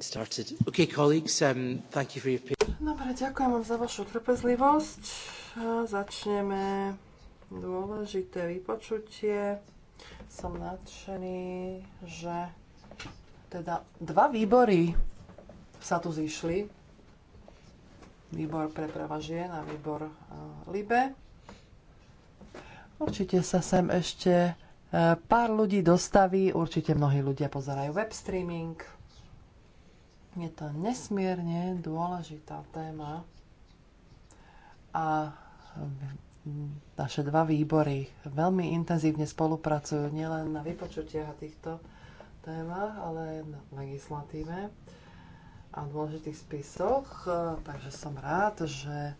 started. Okay, colleagues, um, thank you for your... Dobre, ďakujem vám za vašu trpezlivosť. Začneme dôležité vypočutie. Som nadšený, že teda dva výbory sa tu zišli. Výbor pre práva žien a výbor uh, LIBE. Určite sa sem ešte uh, pár ľudí dostaví, určite mnohí ľudia pozerajú web streaming. Je to nesmierne dôležitá téma a naše dva výbory veľmi intenzívne spolupracujú nielen na vypočutiach a týchto témach, ale aj na legislatíve a dôležitých spisoch. Takže som rád, že eh,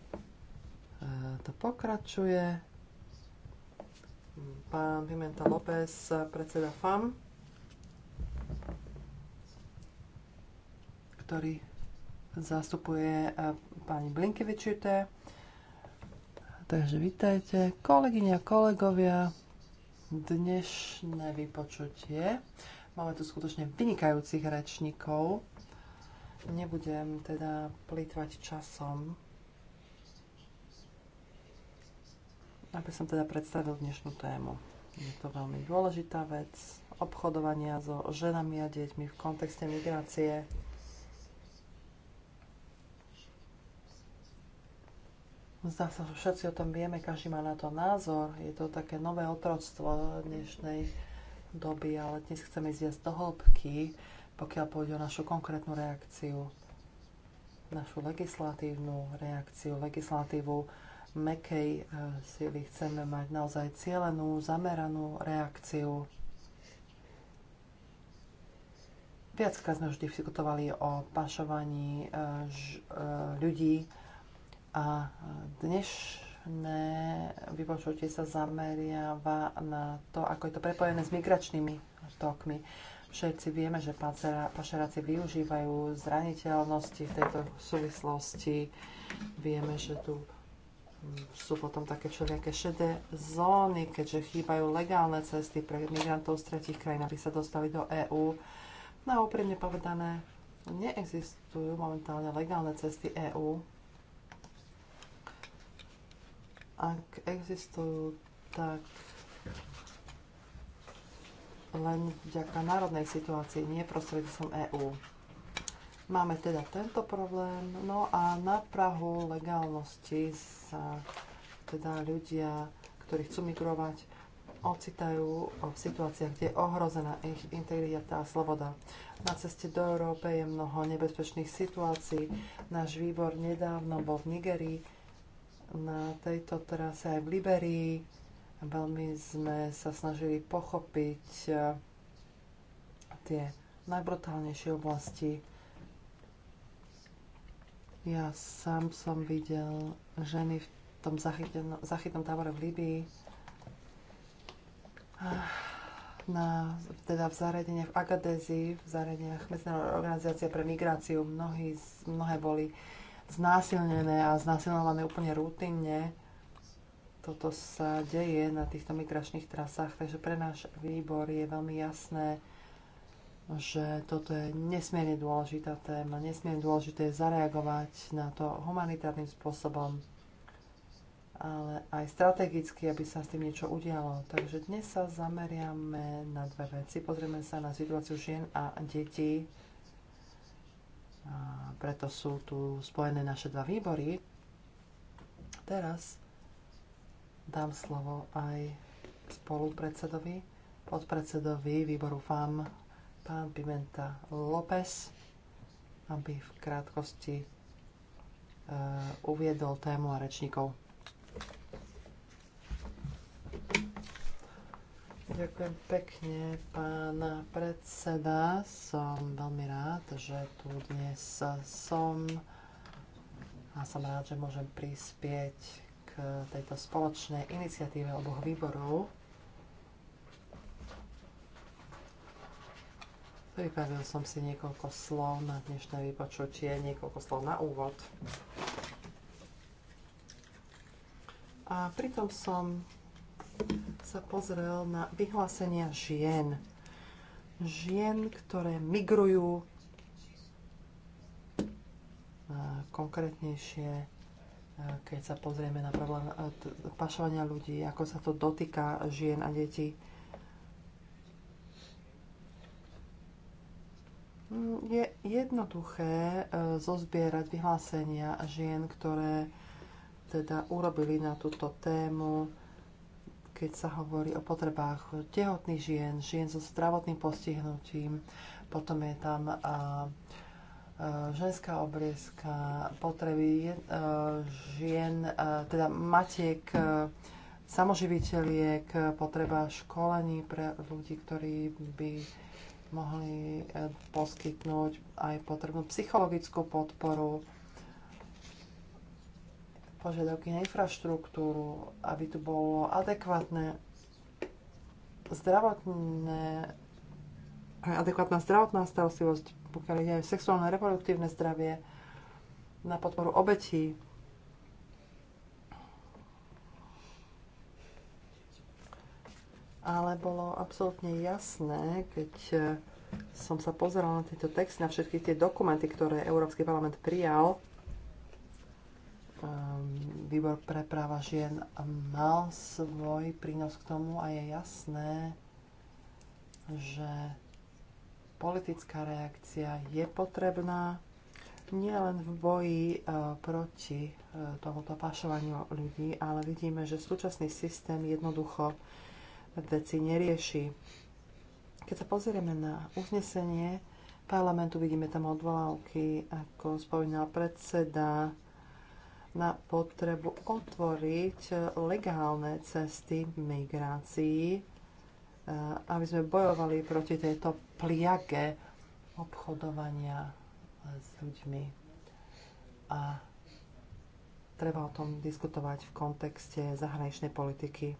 to pokračuje. Pán Pimenta López, predseda FAM, ktorý zastupuje e, pani Blinkevičite. Takže vítajte, kolegyňa, kolegovia. Dnešné vypočutie. Máme tu skutočne vynikajúcich rečníkov. Nebudem teda plýtvať časom. Aby som teda predstavil dnešnú tému. Je to veľmi dôležitá vec obchodovania so ženami a deťmi v kontexte migrácie Zdá sa, že všetci o tom vieme, každý má na to názor. Je to také nové otroctvo dnešnej doby, ale dnes chceme ísť viac do hĺbky, pokiaľ pôjde o našu konkrétnu reakciu, našu legislatívnu reakciu, legislatívu mekej e, sily. Chceme mať naozaj cieľenú zameranú reakciu. Viackrát sme vždy diskutovali o pašovaní e, e, ľudí, a dnešné vypočutie sa zameriava na to, ako je to prepojené s migračnými tokmi. Všetci vieme, že pašeráci využívajú zraniteľnosti v tejto súvislosti. Vieme, že tu sú potom také všelijaké šedé zóny, keďže chýbajú legálne cesty pre migrantov z tretich krajín, aby sa dostali do EÚ. No a úprimne povedané, neexistujú momentálne legálne cesty EÚ ak existujú, tak len vďaka národnej situácii, nie prostredníctvom EÚ. Máme teda tento problém, no a na Prahu legálnosti sa teda ľudia, ktorí chcú migrovať, ocitajú v situáciách, kde je ohrozená ich integrita a sloboda. Na ceste do Európy je mnoho nebezpečných situácií. Náš výbor nedávno bol v Nigerii, na tejto trase aj v Liberii. Veľmi sme sa snažili pochopiť e, tie najbrutálnejšie oblasti. Ja sám som videl ženy v tom zachytnom tábore v Libii, ah, na, teda v zariadeniach v Agadezi, v zariadeniach Medzinárodnej organizácie pre migráciu, mnohí, mnohé boli znásilnené a znásilnované úplne rutinne. Toto sa deje na týchto migračných trasách, takže pre náš výbor je veľmi jasné, že toto je nesmierne dôležitá téma, nesmierne dôležité je zareagovať na to humanitárnym spôsobom, ale aj strategicky, aby sa s tým niečo udialo. Takže dnes sa zameriame na dve veci. Pozrieme sa na situáciu žien a detí preto sú tu spojené naše dva výbory. Teraz dám slovo aj spolupredsedovi, podpredsedovi výboru FAM, pán Pimenta López, aby v krátkosti uh, uviedol tému a rečníkov. Ďakujem pekne, pán predseda. Som veľmi rád, že tu dnes som a som rád, že môžem prispieť k tejto spoločnej iniciatíve oboch výborov. Pripravil som si niekoľko slov na dnešné vypočutie, niekoľko slov na úvod. A pritom som sa pozrel na vyhlásenia žien. Žien, ktoré migrujú konkrétnejšie, keď sa pozrieme na problém pašovania ľudí, ako sa to dotýka žien a detí. Je jednoduché e, zozbierať vyhlásenia žien, ktoré teda urobili na túto tému keď sa hovorí o potrebách tehotných žien, žien so zdravotným postihnutím, potom je tam a, a, ženská obriezka, potreby je, a, žien, a, teda matiek, a, samoživiteľiek, potreba školení pre ľudí, ktorí by mohli e, poskytnúť aj potrebnú psychologickú podporu požiadavky na infraštruktúru, aby tu bolo adekvátne zdravotné adekvátna zdravotná starostlivosť, pokiaľ ide aj sexuálne reproduktívne zdravie, na podporu obetí. Ale bolo absolútne jasné, keď som sa pozerala na tieto texty, na všetky tie dokumenty, ktoré Európsky parlament prijal, Ehm, výbor pre práva žien mal svoj prínos k tomu a je jasné, že politická reakcia je potrebná nielen v boji eh, proti eh, tomuto pašovaniu ľudí, ale vidíme, že súčasný systém jednoducho veci nerieši. Keď sa pozrieme na uznesenie parlamentu, vidíme tam odvolávky, ako spomínal predseda, na potrebu otvoriť e, legálne cesty migrácií, e, aby sme bojovali proti tejto pliage obchodovania e, s ľuďmi. A treba o tom diskutovať v kontexte zahraničnej politiky.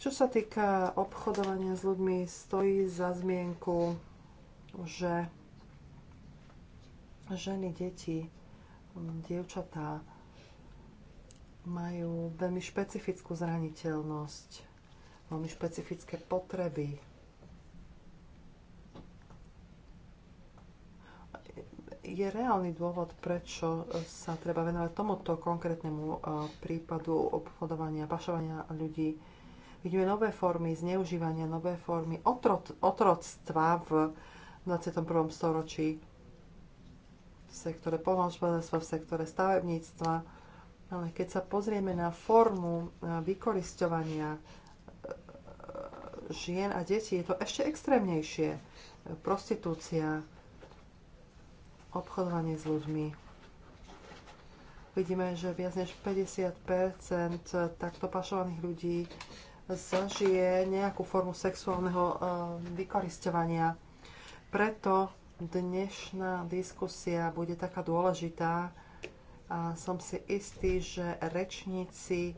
Čo sa týka obchodovania s ľuďmi, stojí za zmienku, že ženy, deti dievčatá majú veľmi špecifickú zraniteľnosť, veľmi špecifické potreby. Je reálny dôvod, prečo sa treba venovať tomuto konkrétnemu eh, prípadu obchodovania, pašovania ľudí. Vidíme nové formy zneužívania, nové formy otrot, otroctva v 21. storočí v sektore polnohospodárstva, v sektore stavebníctva. Ale keď sa pozrieme na formu vykoristovania e, e, žien a detí, je to ešte extrémnejšie. Prostitúcia, obchodovanie s ľuďmi. Vidíme, že viac než 50 takto pašovaných ľudí zažije nejakú formu sexuálneho e, vykoristovania. Preto dnešná diskusia bude taká dôležitá a som si istý, že rečníci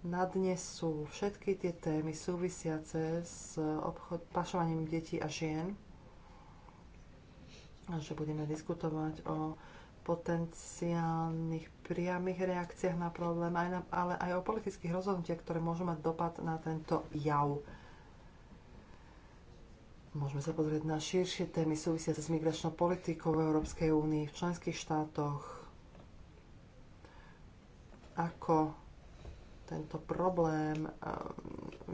nadnesú všetky tie témy súvisiace s obchod, pašovaním detí a žien a že budeme diskutovať o potenciálnych priamých reakciách na problém, ale aj o politických rozhodnutiach, ktoré môžu mať dopad na tento jav. Môžeme sa pozrieť na širšie témy súvisiace s migračnou politikou v Európskej únii, v členských štátoch, ako tento problém eh,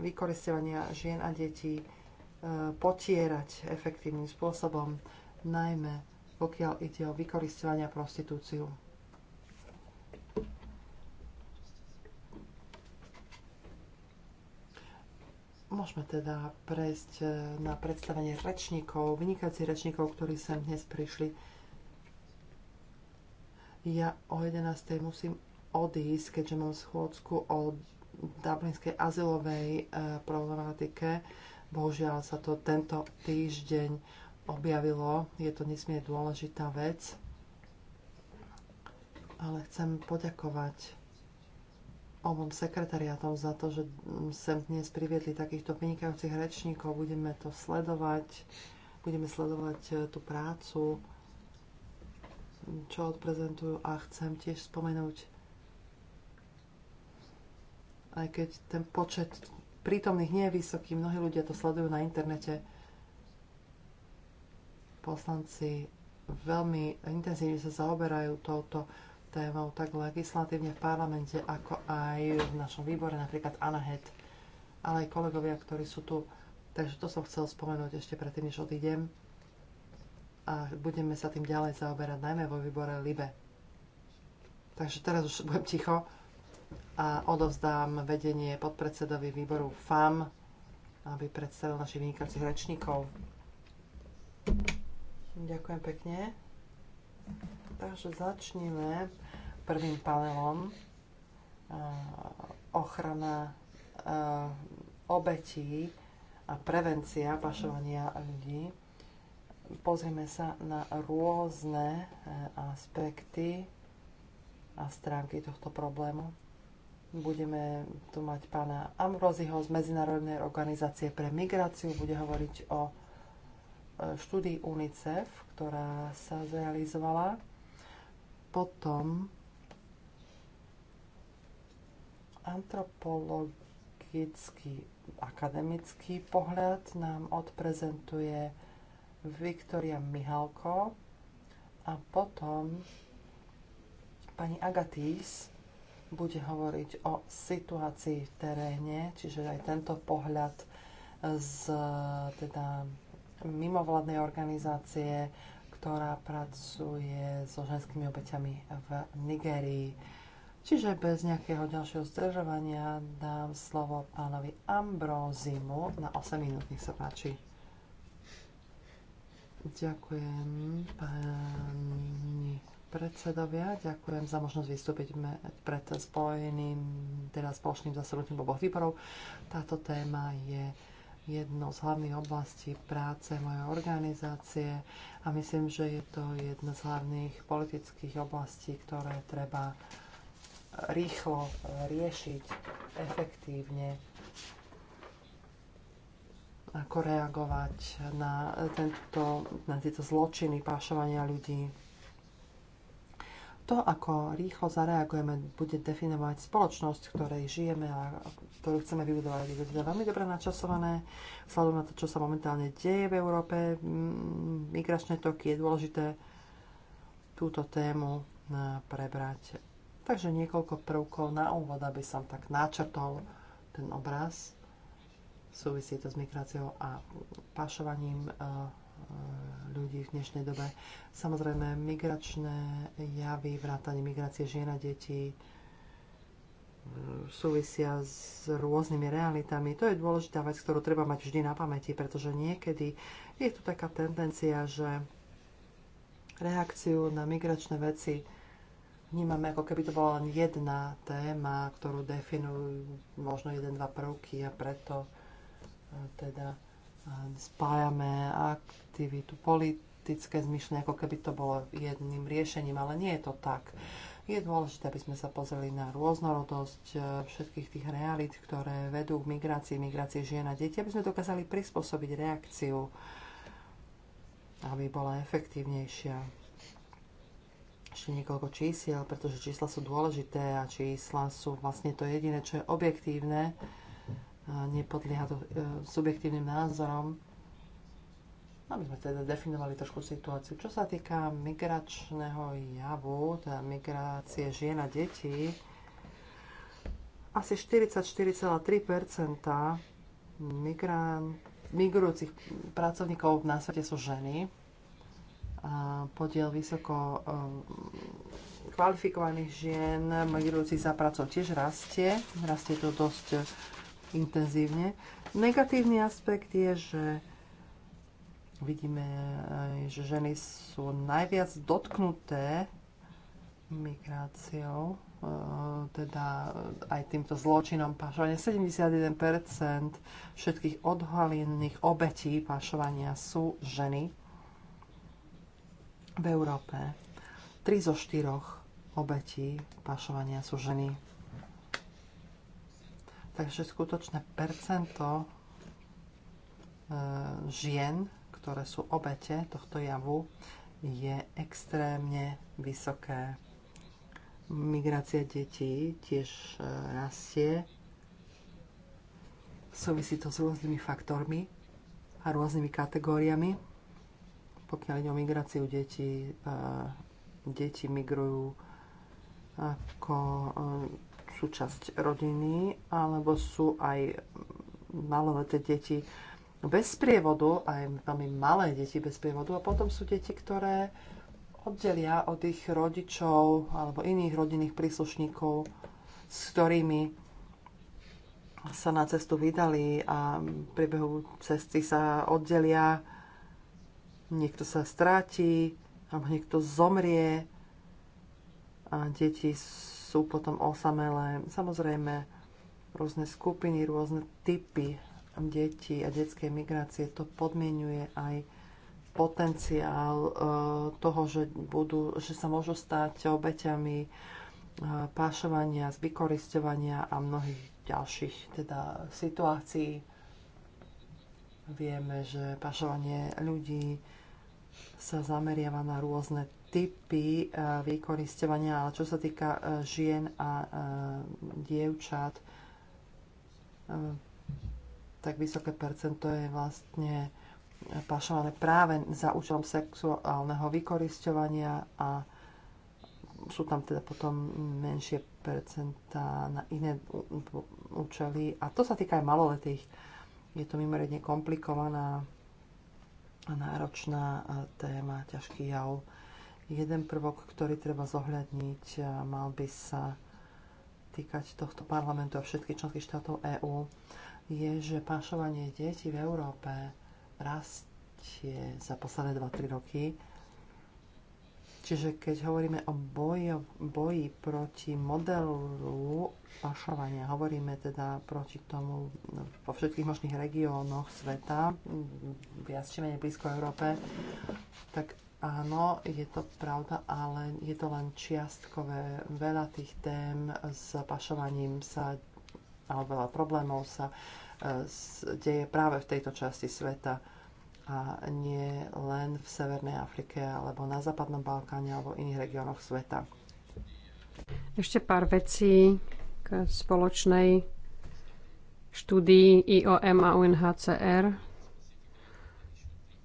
vykoristovania žien a detí eh, potierať efektívnym spôsobom, najmä pokiaľ ide o vykoristovanie a prostitúciu. Môžeme teda prejsť e, na predstavenie rečníkov, vynikajúcich rečníkov, ktorí sem dnes prišli. Ja o 11.00 musím odísť, keďže mám schôdzku o dublinskej azylovej e, problematike. Bohužiaľ sa to tento týždeň objavilo. Je to nesmierne dôležitá vec. Ale chcem poďakovať obom sekretariatom za to, že mm, sem dnes priviedli takýchto vynikajúcich rečníkov. Budeme to sledovať, budeme sledovať e, tú prácu, čo odprezentujú a chcem tiež spomenúť, aj keď ten počet prítomných nie je vysoký, mnohí ľudia to sledujú na internete, poslanci veľmi intenzívne sa zaoberajú touto témou tak legislatívne v parlamente, ako aj v našom výbore, napríklad Head, ale aj kolegovia, ktorí sú tu. Takže to som chcel spomenúť ešte predtým, než odídem. A budeme sa tým ďalej zaoberať, najmä vo výbore LIBE. Takže teraz už budem ticho a odovzdám vedenie podpredsedovi výboru FAM, aby predstavil našich vynikajúcich rečníkov. Ďakujem pekne. Takže začneme prvým panelom. Ochrana obetí a prevencia pašovania ľudí. Pozrieme sa na rôzne e, aspekty a stránky tohto problému. Budeme tu mať pána Ambroziho z Medzinárodnej organizácie pre migráciu. Bude hovoriť o e, štúdii UNICEF, ktorá sa zrealizovala potom antropologický akademický pohľad nám odprezentuje Viktoria Mihalko a potom pani Agatís bude hovoriť o situácii v teréne, čiže aj tento pohľad z teda mimovládnej organizácie ktorá pracuje so ženskými obeťami v Nigerii. Čiže bez nejakého ďalšieho zdržovania dám slovo pánovi Ambrózimu na 8 minút, nech sa páči. Ďakujem páni predsedovia, ďakujem za možnosť vystúpiť pred spojeným, teda spoločným zasadnutím oboch výborov. Táto téma je jednou z hlavných oblastí práce mojej organizácie a myslím, že je to jedna z hlavných politických oblastí, ktoré treba rýchlo riešiť efektívne ako reagovať na, tento, na tieto zločiny pášovania ľudí to, ako rýchlo zareagujeme, bude definovať spoločnosť, v ktorej žijeme a ktorú chceme vybudovať. Je to teda veľmi dobre načasované, vzhľadom na to, čo sa momentálne deje v Európe. Mm, migračné toky je dôležité túto tému mm, prebrať. Takže niekoľko prvkov na úvod, aby som tak načrtol ten obraz. Súvisí to s migráciou a pašovaním eh, Eh, ľudí v dnešnej dobe. Samozrejme, migračné javy, vrátanie migrácie žien a detí eh, súvisia s rôznymi realitami. To je dôležitá vec, ktorú treba mať vždy na pamäti, pretože niekedy je tu taká tendencia, že reakciu na migračné veci vnímame, ako keby to bola len jedna téma, ktorú definujú možno jeden, dva prvky a preto eh, teda spájame aktivitu politické zmyšľanie, ako keby to bolo jedným riešením, ale nie je to tak. Je dôležité, aby sme sa pozreli na rôznorodosť e, všetkých tých realít, ktoré vedú k migrácii, migrácii žien a deti, aby sme dokázali prispôsobiť reakciu, aby bola efektívnejšia. Ešte niekoľko čísiel, pretože čísla sú dôležité a čísla sú vlastne to jediné, čo je objektívne nepodlieha to e, subjektívnym názorom. Aby sme teda definovali trošku situáciu. Čo sa týka migračného javu, teda migrácie žien a detí, asi 44,3 migrán, migrujúcich pracovníkov na svete sú ženy. A podiel vysoko e, kvalifikovaných žien migrujúcich za pracou tiež rastie. Rastie to dosť intenzívne. Negatívny aspekt je, že vidíme, eh, že ženy sú najviac dotknuté migráciou, eh, teda eh, aj týmto zločinom pašovania. 71% všetkých odhalených obetí pašovania sú ženy v Európe. 3 zo 4 obetí pašovania sú ženy Takže skutočné percento e, žien, ktoré sú obete tohto javu, je extrémne vysoké. Migrácia detí tiež e, rastie. Súvisí to s rôznymi faktormi a rôznymi kategóriami. Pokiaľ ide o migráciu detí, e, deti migrujú ako súčasť rodiny, alebo sú aj maloleté deti bez prievodu, aj veľmi malé deti bez prievodu a potom sú deti, ktoré oddelia od ich rodičov alebo iných rodinných príslušníkov, s ktorými sa na cestu vydali a v priebehu cesty sa oddelia, niekto sa stráti alebo niekto zomrie a deti sú potom osamelé. Samozrejme, rôzne skupiny, rôzne typy detí a detskej migrácie to podmienuje aj potenciál e, toho, že, budú, že sa môžu stať obeťami e, pášovania, zbykoristovania a mnohých ďalších teda situácií. Vieme, že pašovanie ľudí sa zameriava na rôzne typy eh, vykoristovania, ale čo sa týka eh, žien a eh, dievčat, tak vysoké percento je vlastne pašované práve za účelom sexuálneho vykoristovania a sú tam teda potom menšie percentá na iné účely. A to sa týka aj maloletých. Je to mimoriadne komplikovaná a náročná téma, ťažký jav. Jeden prvok, ktorý treba zohľadniť, mal by sa týkať tohto parlamentu a všetkých členských štátov EÚ, je, že pašovanie detí v Európe rastie za posledné 2-3 roky. Čiže keď hovoríme o boji, boji proti modelu pašovania, hovoríme teda proti tomu vo všetkých možných regiónoch sveta, viac či menej blízko Európe, tak Áno, je to pravda, ale je to len čiastkové. Veľa tých tém s pašovaním sa, alebo veľa problémov sa e, deje práve v tejto časti sveta a nie len v Severnej Afrike alebo na Západnom Balkáne alebo iných regiónoch sveta. Ešte pár vecí k spoločnej štúdii IOM a UNHCR.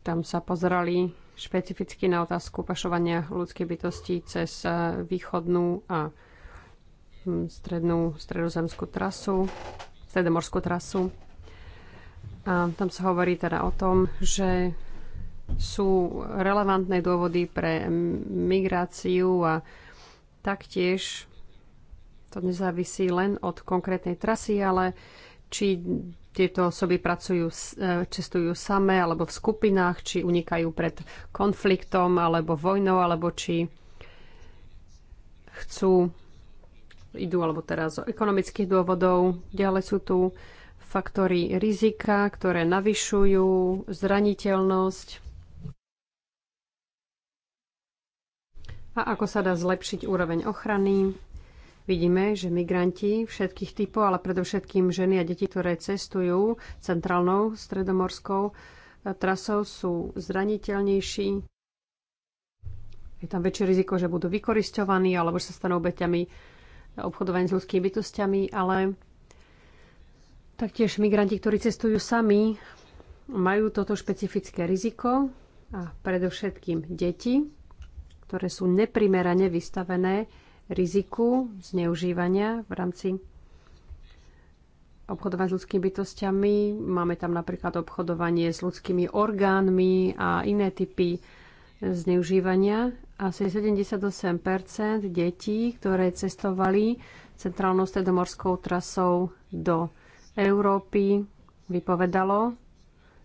Tam sa pozerali špecificky na otázku pašovania ľudských bytostí cez eh, východnú a hm, strednú stredozemskú trasu, stredomorskú trasu. A tam sa hovorí teda o tom, že sú relevantné dôvody pre migráciu a taktiež to nezávisí len od konkrétnej trasy, ale či tieto osoby pracujú, e, cestujú samé alebo v skupinách, či unikajú pred konfliktom alebo vojnou, alebo či chcú, idú alebo teraz z ekonomických dôvodov. Ďalej sú tu faktory rizika, ktoré navyšujú zraniteľnosť. A ako sa dá zlepšiť úroveň ochrany? Vidíme, že migranti všetkých typov, ale predovšetkým ženy a deti, ktoré cestujú centrálnou stredomorskou e, trasou, sú zraniteľnejší. Je tam väčšie riziko, že budú vykoristovaní alebo že sa stanú obeťami obchodovania s ľudskými bytostiami, ale taktiež migranti, ktorí cestujú sami, majú toto špecifické riziko a predovšetkým deti, ktoré sú neprimerane vystavené riziku zneužívania v rámci obchodovania s ľudskými bytostiami. Máme tam napríklad obchodovanie s ľudskými orgánmi a iné typy zneužívania. Asi 78 detí, ktoré cestovali centrálnou stredomorskou trasou do Európy, vypovedalo,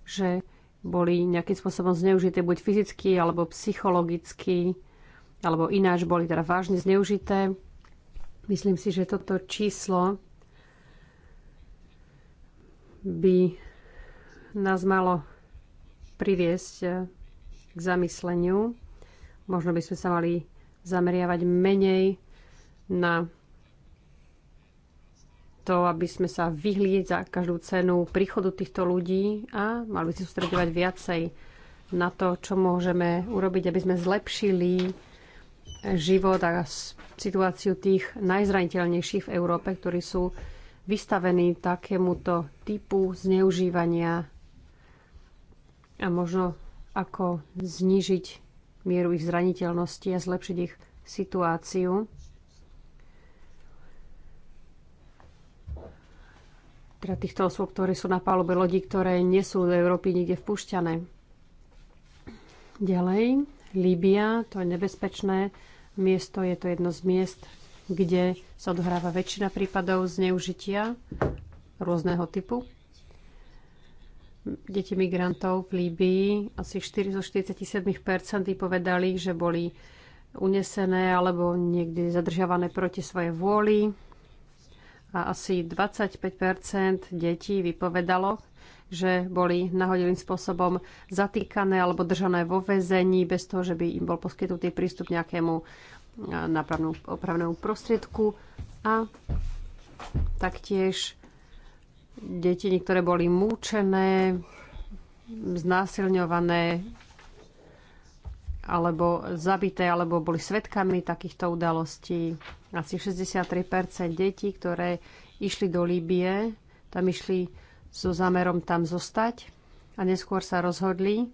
že boli nejakým spôsobom zneužité buď fyzicky alebo psychologicky alebo ináč boli teda vážne zneužité. Myslím si, že toto číslo by nás malo priviesť eh, k zamysleniu. Možno by sme sa mali zameriavať menej na to, aby sme sa vyhli za každú cenu príchodu týchto ľudí a mali by sme sústredovať viacej na to, čo môžeme urobiť, aby sme zlepšili život a situáciu tých najzraniteľnejších v Európe, ktorí sú vystavení takémuto typu zneužívania a možno ako znižiť mieru ich zraniteľnosti a zlepšiť ich situáciu. Teda týchto osôb, ktoré sú na palube lodi, ktoré nie sú do Európy nikde vpúšťané. Ďalej. Líbia, to je nebezpečné miesto, je to jedno z miest, kde sa odhráva väčšina prípadov zneužitia rôzneho typu. Deti migrantov v Líbii, asi 4 zo 47 povedali, že boli unesené alebo niekde zadržiavané proti svojej vôli. A asi 25 detí vypovedalo, že boli nahodilým spôsobom zatýkané alebo držané vo väzení bez toho, že by im bol poskytnutý prístup nejakému e, nápravnú, opravnému prostriedku. A taktiež deti, niektoré boli múčené, znásilňované alebo zabité, alebo boli svetkami takýchto udalostí. Asi 63% detí, ktoré išli do Líbie, tam išli so zámerom tam zostať a neskôr sa rozhodli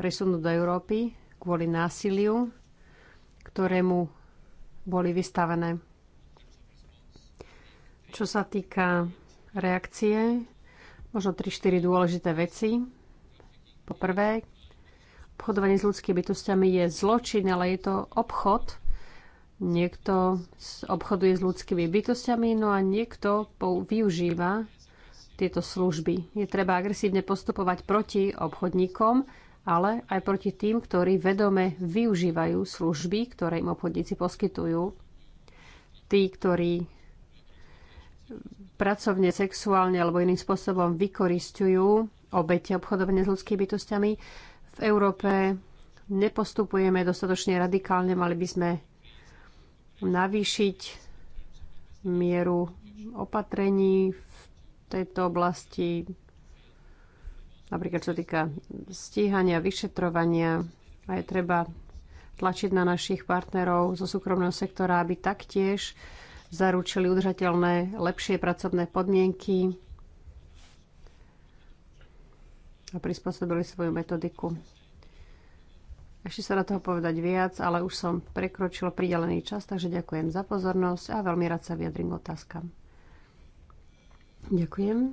presunúť do Európy kvôli násiliu, ktorému boli vystavené. Čo sa týka reakcie, možno 3-4 dôležité veci. Po prvé, obchodovanie s ľudskými bytostiami je zločin, ale je to obchod. Niekto obchoduje s ľudskými bytostiami, no a niekto využíva tieto služby. Je treba agresívne postupovať proti obchodníkom, ale aj proti tým, ktorí vedome využívajú služby, ktoré im obchodníci poskytujú. Tí, ktorí pracovne, sexuálne alebo iným spôsobom vykoristujú obete obchodovania s ľudskými bytostiami. V Európe nepostupujeme dostatočne radikálne, mali by sme navýšiť mieru opatrení v tejto oblasti, napríklad čo týka stíhania, vyšetrovania a je treba tlačiť na našich partnerov zo súkromného sektora, aby taktiež zaručili udržateľné, lepšie pracovné podmienky a prispôsobili svoju metodiku. Ešte sa na toho povedať viac, ale už som prekročil pridelený čas, takže ďakujem za pozornosť a veľmi rád sa vyjadrím k otázkam. Ďakujem.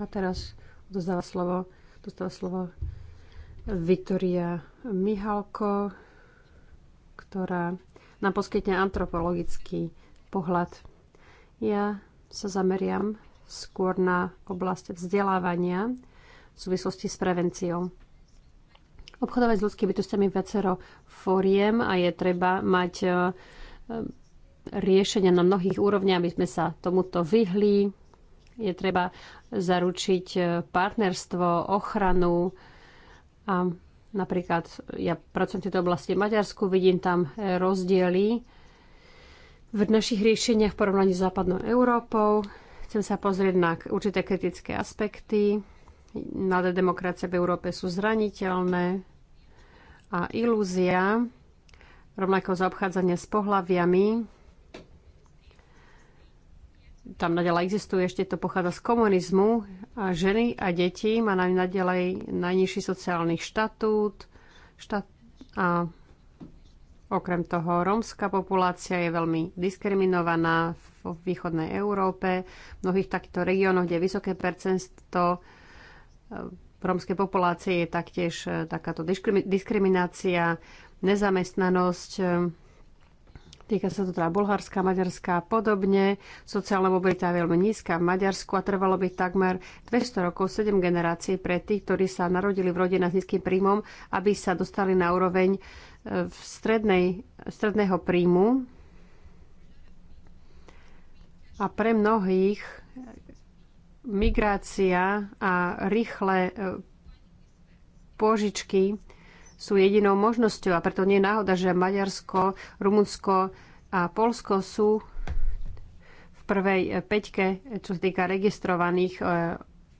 A teraz dostáva slovo, dostáva slovo Viktoria Mihalko, ktorá nám poskytne antropologický pohľad. Ja sa zameriam skôr na oblasť vzdelávania v súvislosti s prevenciou. Obchodovať s ľudskými bytostiami viacero fóriem a je treba mať eh, riešenia na mnohých úrovniach, aby sme sa tomuto vyhli je treba zaručiť e, partnerstvo, ochranu. A napríklad ja pracujem v tejto oblasti v Maďarsku, vidím tam e, rozdiely v našich riešeniach v porovnaní s západnou Európou. Chcem sa pozrieť na určité kritické aspekty. Mladé demokracie v Európe sú zraniteľné a ilúzia rovnako zaobchádzanie s pohľaviami tam nadalej existuje, ešte to pochádza z komunizmu a ženy a deti má na nadalej najnižší sociálny štatút štat- a okrem toho rómska populácia je veľmi diskriminovaná v východnej Európe, v mnohých takýchto regiónoch, kde je vysoké percento eh, rómskej populácie je taktiež eh, takáto diskriminácia, nezamestnanosť, eh, Týka sa to teda Bulharska, Maďarska a podobne. Sociálna mobilita je veľmi nízka v Maďarsku a trvalo by takmer 200 rokov, 7 generácií pre tých, ktorí sa narodili v rodinách s nízkym príjmom, aby sa dostali na úroveň e, v strednej, stredného príjmu. A pre mnohých migrácia a rýchle e, požičky sú jedinou možnosťou a preto nie je náhoda, že Maďarsko, Rumunsko a Polsko sú v prvej peťke, čo sa týka registrovaných e,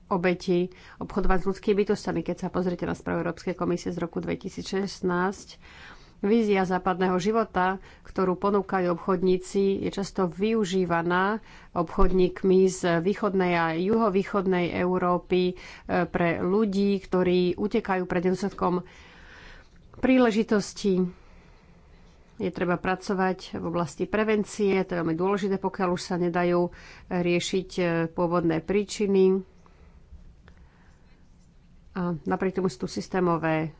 obetí obchodovať s ľudskými bytostami. Keď sa pozrite na správu Európskej komisie z roku 2016, Vízia západného života, ktorú ponúkajú obchodníci, je často využívaná obchodníkmi z východnej a juhovýchodnej Európy e, pre ľudí, ktorí utekajú pred nedostatkom príležitostí. Je treba pracovať v oblasti prevencie, to je veľmi dôležité, pokiaľ už sa nedajú eh, riešiť eh, pôvodné príčiny. A napriek tomu sú tu systémové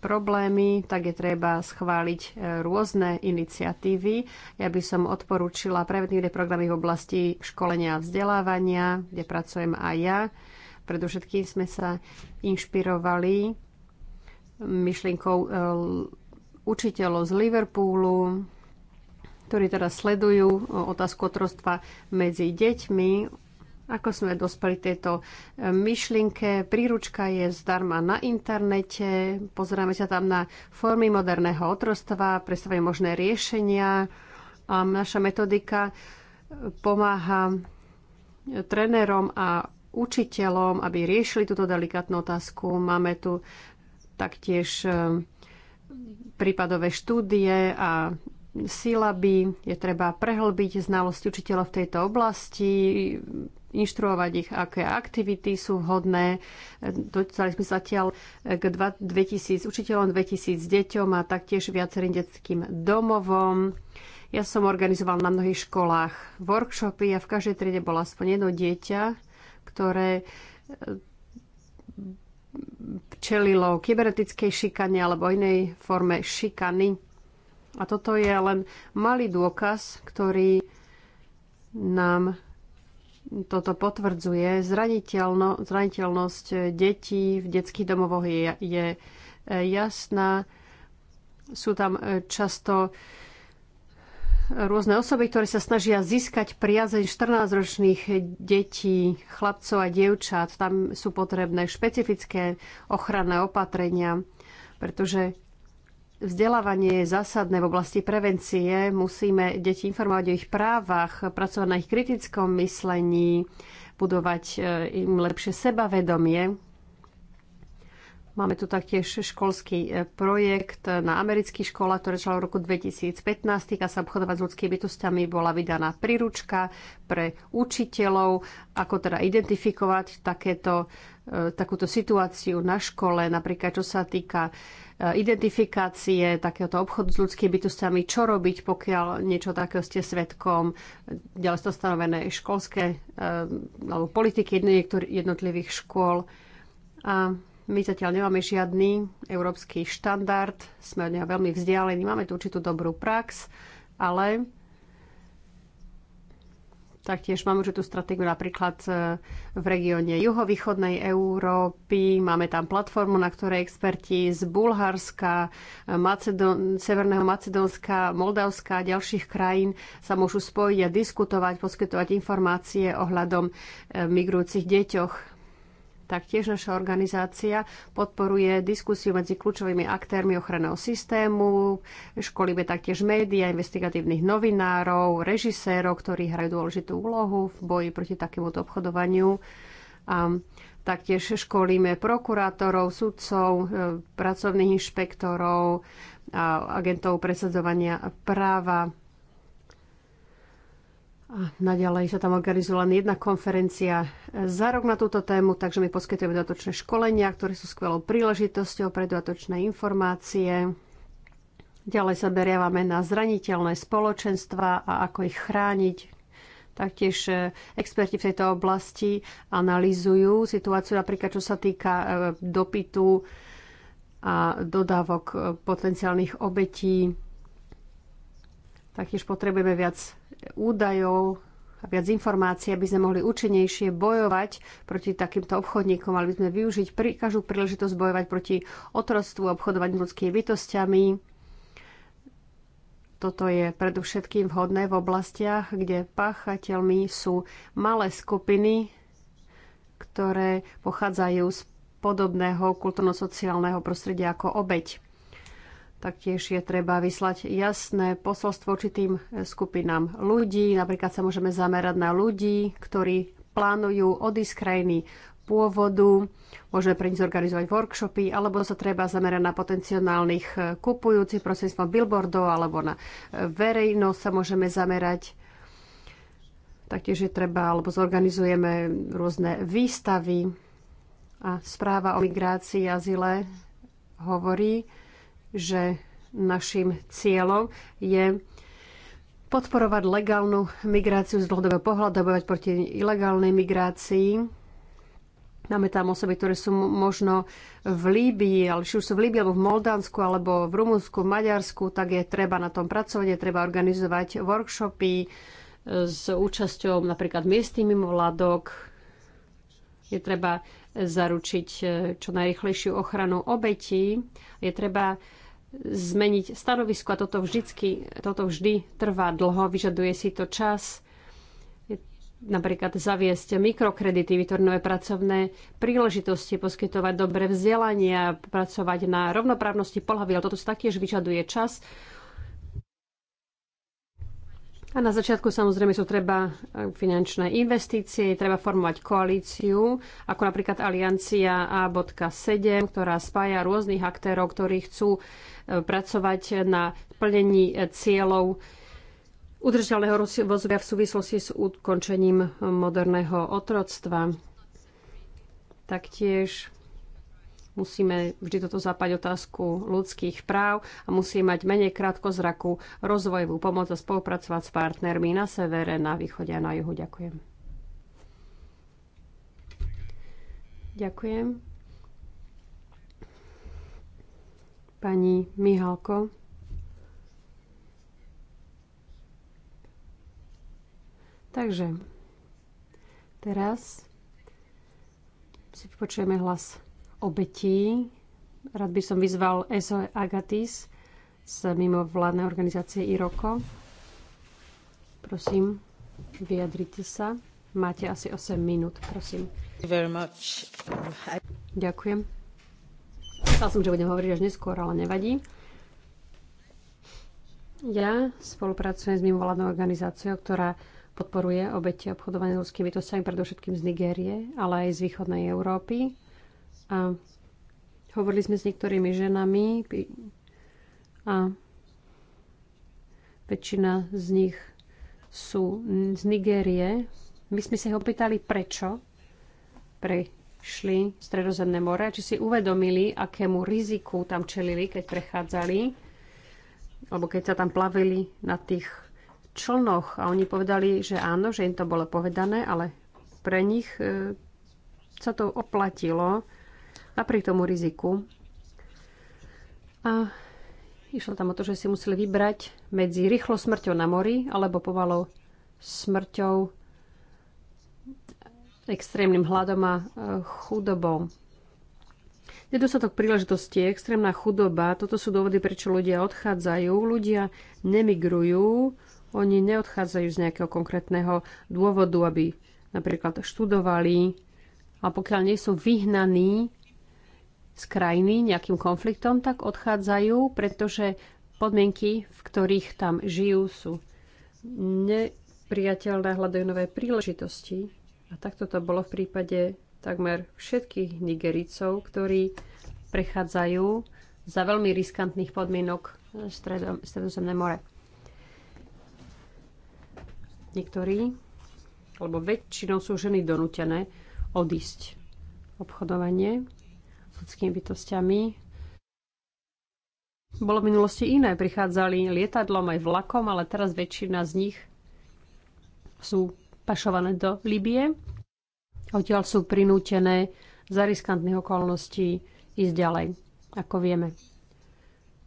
problémy, tak je treba schváliť eh, rôzne iniciatívy. Ja by som odporúčila preventívne programy v oblasti školenia a vzdelávania, kde pracujem aj ja. Predovšetkým sme sa inšpirovali myšlienkou eh, učiteľov z Liverpoolu, ktorí teda sledujú eh, otázku otrostva medzi deťmi. Ako sme dospeli tejto eh, myšlienke? Príručka je zdarma na internete. Pozeráme sa tam na formy moderného otrostva, predstavujem možné riešenia. A naša metodika pomáha trénerom a učiteľom, aby riešili túto delikátnu otázku. Máme tu taktiež e, prípadové štúdie a sílaby. Je treba prehlbiť znalosť učiteľa v tejto oblasti, inštruovať ich, aké aktivity sú vhodné. Dostali sme zatiaľ k 2000 učiteľom, 2000 deťom a taktiež viacerým detským domovom. Ja som organizoval na mnohých školách workshopy a v každej triede bolo aspoň jedno dieťa, ktoré čelilo kybernetickej šikane alebo inej forme šikany. A toto je len malý dôkaz, ktorý nám toto potvrdzuje. Zraniteľno, zraniteľnosť detí v detských domovoch je, je e, jasná. Sú tam e, často rôzne osoby, ktoré sa snažia získať priazeň 14-ročných detí, chlapcov a dievčat. Tam sú potrebné špecifické ochranné opatrenia, pretože Vzdelávanie je zásadné v oblasti prevencie. Musíme deti informovať o ich právach, pracovať na ich kritickom myslení, budovať eh, im lepšie sebavedomie. Máme tu taktiež školský e, projekt na amerických školách, ktorý začal v roku 2015. Týka sa obchodovať s ľudskými bytostiami. Bola vydaná príručka pre učiteľov, ako teda identifikovať takéto, e, takúto situáciu na škole, napríklad čo sa týka e, identifikácie takéhoto obchodu s ľudskými bytostiami, čo robiť, pokiaľ niečo takého ste svetkom, ďalej to stanovené školské alebo politiky jednotlivých škôl. A my zatiaľ nemáme žiadny európsky štandard, sme od neho veľmi vzdialení, máme tu určitú dobrú prax, ale taktiež máme určitú stratégiu napríklad e, v regióne juhovýchodnej Európy, máme tam platformu, na ktorej experti z Bulharska, e, Macedon, Severného Macedónska, Moldavska a ďalších krajín sa môžu spojiť a diskutovať, poskytovať informácie ohľadom e, migrujúcich deťoch Taktiež naša organizácia podporuje diskusiu medzi kľúčovými aktérmi ochranného systému, školíme taktiež médiá, investigatívnych novinárov, režisérov, ktorí hrajú dôležitú úlohu v boji proti takémuto obchodovaniu. A taktiež školíme prokurátorov, sudcov, e, pracovných inšpektorov, a agentov presadzovania práva. A naďalej sa tam organizuje len jedna konferencia za rok na túto tému, takže my poskytujeme dodatočné školenia, ktoré sú skvelou príležitosťou pre dodatočné informácie. Ďalej sa beriavame na zraniteľné spoločenstva a ako ich chrániť. Taktiež e, experti v tejto oblasti analýzujú situáciu, napríklad čo sa týka e, dopytu a dodávok e, potenciálnych obetí. Taktiež potrebujeme viac údajov a viac informácií, aby sme mohli účinnejšie bojovať proti takýmto obchodníkom. aby by sme využiť pri, každú príležitosť bojovať proti otroctvu, obchodovať ľudskými bytostiami. Toto je predovšetkým vhodné v oblastiach, kde páchateľmi sú malé skupiny, ktoré pochádzajú z podobného kultúrno-sociálneho prostredia ako obeď. Taktiež je treba vyslať jasné posolstvo určitým e, skupinám ľudí. Napríklad sa môžeme zamerať na ľudí, ktorí plánujú odísť krajiny pôvodu, môžeme pre nich zorganizovať workshopy, alebo sa treba zamerať na potenciálnych e, kupujúcich prostredníctvom billboardov, alebo na e, verejnosť sa môžeme zamerať. Taktiež je treba, alebo zorganizujeme rôzne výstavy a správa o migrácii a zile hovorí, že našim cieľom je podporovať legálnu migráciu z dlhodobého pohľadu, bojovať proti ilegálnej migrácii. Máme tam osoby, ktoré sú možno v Líbii, ale či už sú v Líbii, alebo v Moldánsku, alebo v Rumunsku, v Maďarsku, tak je treba na tom pracovať, je treba organizovať workshopy e, s účasťou napríklad miestných mimovládok. Je treba zaručiť e, čo najrychlejšiu ochranu obetí. Je treba zmeniť stanovisko a toto, vždycky, toto vždy trvá dlho, vyžaduje si to čas, napríklad zaviesť mikrokredity, vytvoriť nové pracovné príležitosti, poskytovať dobré a pracovať na rovnoprávnosti pohľavy, ale toto si taktiež vyžaduje čas. A na začiatku samozrejme sú treba e, finančné investície, treba formovať koalíciu, ako napríklad Aliancia A.7, ktorá spája rôznych aktérov, ktorí chcú e, pracovať na plnení e, cieľov udržateľného rozvoja v súvislosti s ukončením moderného otroctva. Taktiež Musíme vždy toto zapať otázku ľudských práv a musí mať menej krátkozrakú rozvojovú pomoc a spolupracovať s partnermi na severe, na východe a na juhu. Ďakujem. Ďakujem. Pani Mihalko. Takže teraz si počujeme hlas obetí. Rád by som vyzval SO Agatis z mimovládnej organizácie IROKO. Prosím, vyjadrite sa. Máte asi 8 minút, prosím. Ďakujem. Chcel som, že budem hovoriť až neskôr, ale nevadí. Ja spolupracujem s mimovládnou organizáciou, ktorá podporuje obete obchodovania s ľudskými bytostiami, predovšetkým z Nigérie, ale aj z východnej Európy a hovorili sme s niektorými ženami a väčšina z nich sú z Nigérie. My sme sa ho pýtali, prečo prešli Stredozemné more, a či si uvedomili, akému riziku tam čelili, keď prechádzali, alebo keď sa tam plavili na tých člnoch. A oni povedali, že áno, že im to bolo povedané, ale pre nich e, sa to oplatilo, napriek tomu riziku. A išlo tam o to, že si museli vybrať medzi rýchlou smrťou na mori alebo povalou smrťou, extrémnym hladom a e, chudobou. Nedostatok príležitosti, extrémna chudoba, toto sú dôvody, prečo ľudia odchádzajú. Ľudia nemigrujú, oni neodchádzajú z nejakého konkrétneho dôvodu, aby napríklad študovali. A pokiaľ nie sú vyhnaní z krajiny nejakým konfliktom, tak odchádzajú, pretože podmienky, v ktorých tam žijú, sú nepriateľné, hľadajú nové príležitosti. A takto to bolo v prípade takmer všetkých Nigericov, ktorí prechádzajú za veľmi riskantných podmienok stredom, stredozemné more. Niektorí, alebo väčšinou sú ženy donútené odísť obchodovanie ľudskými bytostiami. Bolo v minulosti iné, prichádzali lietadlom aj vlakom, ale teraz väčšina z nich sú pašované do Libie. Odtiaľ sú prinútené za riskantných okolností ísť ďalej, ako vieme.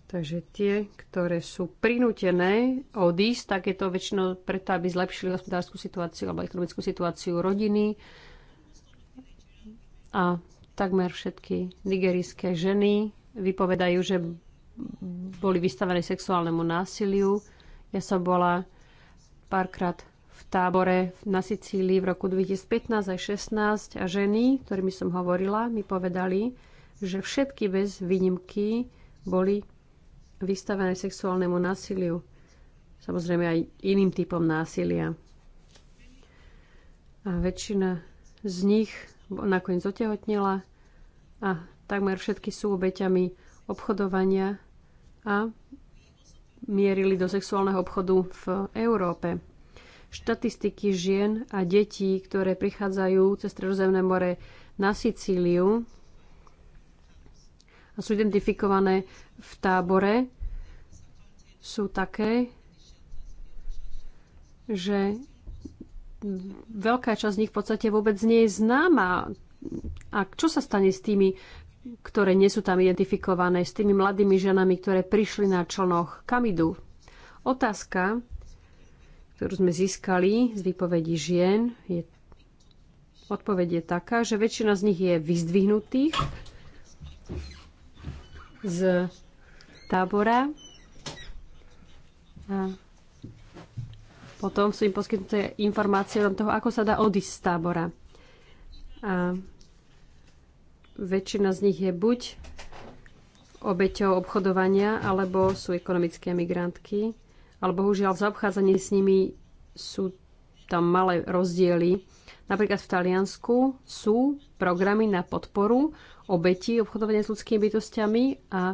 Takže tie, ktoré sú prinútené odísť, tak je to väčšinou preto, aby zlepšili hospodárskú situáciu alebo ekonomickú situáciu rodiny a Takmer všetky nigerijské ženy vypovedajú, že boli vystavené sexuálnemu násiliu. Ja som bola párkrát v tábore na Sicílii v roku 2015 aj 16 a ženy, ktorými som hovorila, mi povedali, že všetky bez výnimky boli vystavené sexuálnemu násiliu. Samozrejme aj iným typom násilia. A väčšina z nich nakoniec otehotnila a takmer všetky sú obeťami obchodovania a mierili do sexuálneho obchodu v Európe. Štatistiky žien a detí, ktoré prichádzajú cez Stredozemné more na Sicíliu a sú identifikované v tábore, sú také, že veľká časť z nich v podstate vôbec nie je známa. A čo sa stane s tými, ktoré nie sú tam identifikované, s tými mladými ženami, ktoré prišli na člnoch? Kam idú? Otázka, ktorú sme získali z výpovedí žien, je, odpoveď je taká, že väčšina z nich je vyzdvihnutých z tábora. A potom sú im poskytnuté informácie o toho, ako sa dá odísť z tábora. A väčšina z nich je buď obeťou obchodovania, alebo sú ekonomické migrantky. Ale bohužiaľ v zaobchádzaní s nimi sú tam malé rozdiely. Napríklad v Taliansku sú programy na podporu obetí obchodovania s ľudskými bytostiami a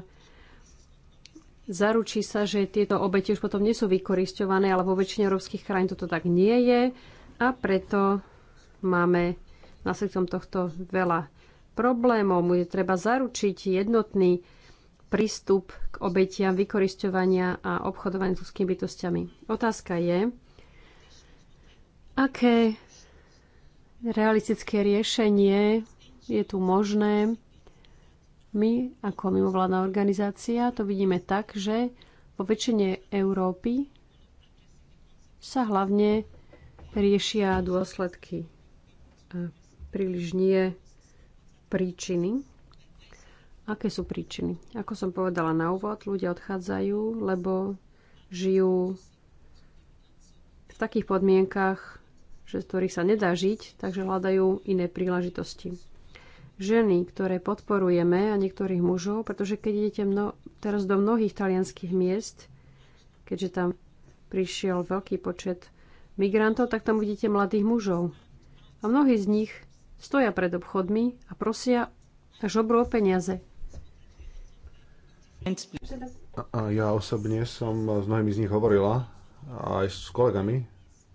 zaručí sa, že tieto obete už potom nie sú vykoristované, ale vo väčšine európskych krajín toto tak nie je a preto máme následkom tohto veľa problémov. je treba zaručiť jednotný prístup k obetiam vykoristovania a obchodovania s ľudskými bytostiami. Otázka je, aké realistické riešenie je tu možné my, ako mimovládna organizácia, to vidíme tak, že vo väčšine Európy sa hlavne riešia dôsledky a príliš nie príčiny. Aké sú príčiny? Ako som povedala na úvod, ľudia odchádzajú, lebo žijú v takých podmienkach, že z ktorých sa nedá žiť, takže hľadajú iné príležitosti ženy, ktoré podporujeme a niektorých mužov, pretože keď idete mno, teraz do mnohých talianských miest, keďže tam prišiel veľký počet migrantov, tak tam vidíte mladých mužov. A mnohí z nich stoja pred obchodmi a prosia až obrov peniaze. Ja osobne som s mnohými z nich hovorila, aj s kolegami.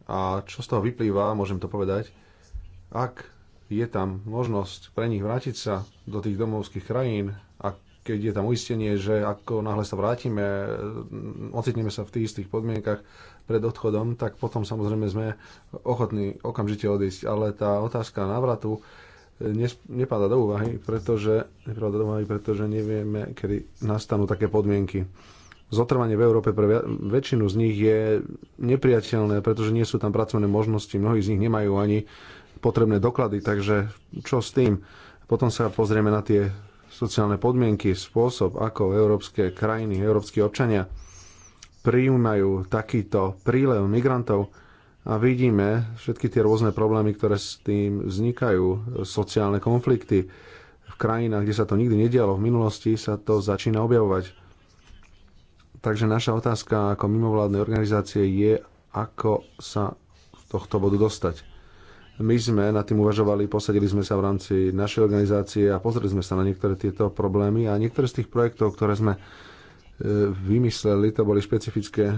A čo z toho vyplýva, môžem to povedať, ak je tam možnosť pre nich vrátiť sa do tých domovských krajín a keď je tam uistenie, že ako náhle sa vrátime, mm, ocitneme sa v tých istých podmienkach pred odchodom, tak potom samozrejme sme ochotní okamžite odísť. Ale tá otázka návratu eh, nepadá do úvahy, pretože, nepáda do úvahy, pretože nevieme, kedy nastanú také podmienky. Zotrvanie v Európe pre väčšinu z nich je nepriateľné, pretože nie sú tam pracovné možnosti. Mnohí z nich nemajú ani potrebné doklady, takže čo s tým? Potom sa pozrieme na tie sociálne podmienky, spôsob, ako európske krajiny, európsky občania prijímajú takýto prílev migrantov a vidíme všetky tie rôzne problémy, ktoré s tým vznikajú, sociálne konflikty v krajinách, kde sa to nikdy nedialo v minulosti, sa to začína objavovať. Takže naša otázka ako mimovládnej organizácie je, ako sa tohto bodu dostať. My sme nad tým uvažovali, posadili sme sa v rámci našej organizácie a pozreli sme sa na niektoré tieto problémy a niektoré z tých projektov, ktoré sme e, vymysleli, to boli špecifické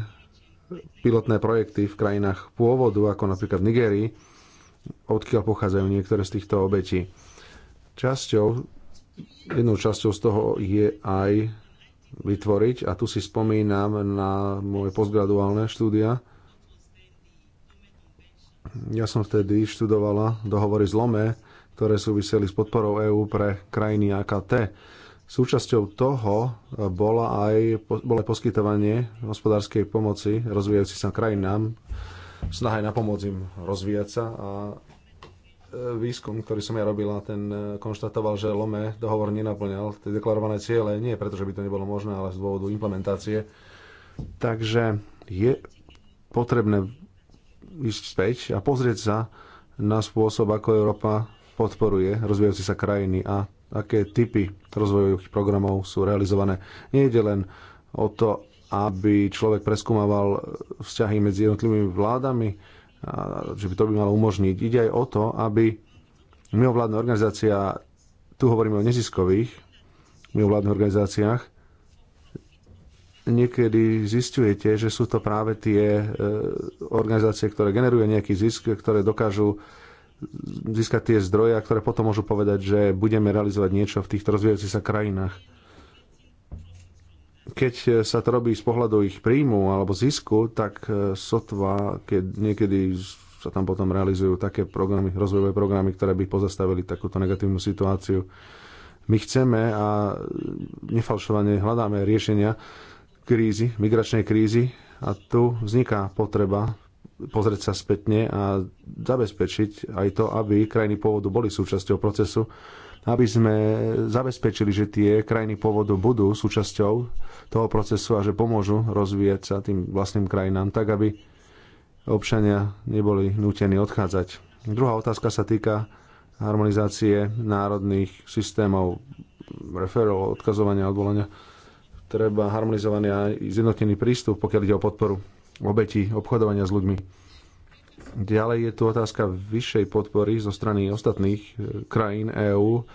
pilotné projekty v krajinách pôvodu, ako napríklad v Nigerii, odkiaľ pochádzajú niektoré z týchto obetí. Časťou, jednou časťou z toho je aj vytvoriť, a tu si spomínam na moje postgraduálne štúdia, ja som vtedy študovala dohovory z Lome, ktoré súviseli s podporou EÚ pre krajiny AKT. Súčasťou toho bola aj, bolo aj poskytovanie hospodárskej pomoci rozvíjajúcim sa krajinám, snaha aj na pomoc im rozvíjať sa a e, výskum, ktorý som ja robila, ten e, konštatoval, že Lome dohovor nenaplňal tie deklarované ciele, nie preto, že by to nebolo možné, ale z dôvodu implementácie. Takže je potrebné ísť späť a pozrieť sa na spôsob, ako Európa podporuje rozvíjajúce sa krajiny a aké typy rozvojových programov sú realizované. Nie ide len o to, aby človek preskúmaval vzťahy medzi jednotlivými vládami, a že by to by malo umožniť. Ide aj o to, aby mimovládna organizácia, tu hovoríme o neziskových mimovládnych organizáciách, niekedy zistujete, že sú to práve tie e, organizácie, ktoré generujú nejaký zisk, ktoré dokážu získať tie zdroje, a ktoré potom môžu povedať, že budeme realizovať niečo v týchto rozvíjajúcich sa krajinách. Keď e, sa to robí z pohľadu ich príjmu alebo zisku, tak e, sotva, keď niekedy sa tam potom realizujú také programy, rozvojové programy, ktoré by pozastavili takúto negatívnu situáciu. My chceme a nefalšovane hľadáme riešenia, krízy, migračnej krízy a tu vzniká potreba pozrieť sa spätne a zabezpečiť aj to, aby krajiny pôvodu boli súčasťou procesu, aby sme zabezpečili, že tie krajiny pôvodu budú súčasťou toho procesu a že pomôžu rozvíjať sa tým vlastným krajinám, tak aby občania neboli nútení odchádzať. Druhá otázka sa týka harmonizácie národných systémov referov, odkazovania, odvolania treba harmonizovaný a zjednotený prístup, pokiaľ ide o podporu obetí obchodovania s ľuďmi. Ďalej je tu otázka vyššej podpory zo strany ostatných e, krajín EÚ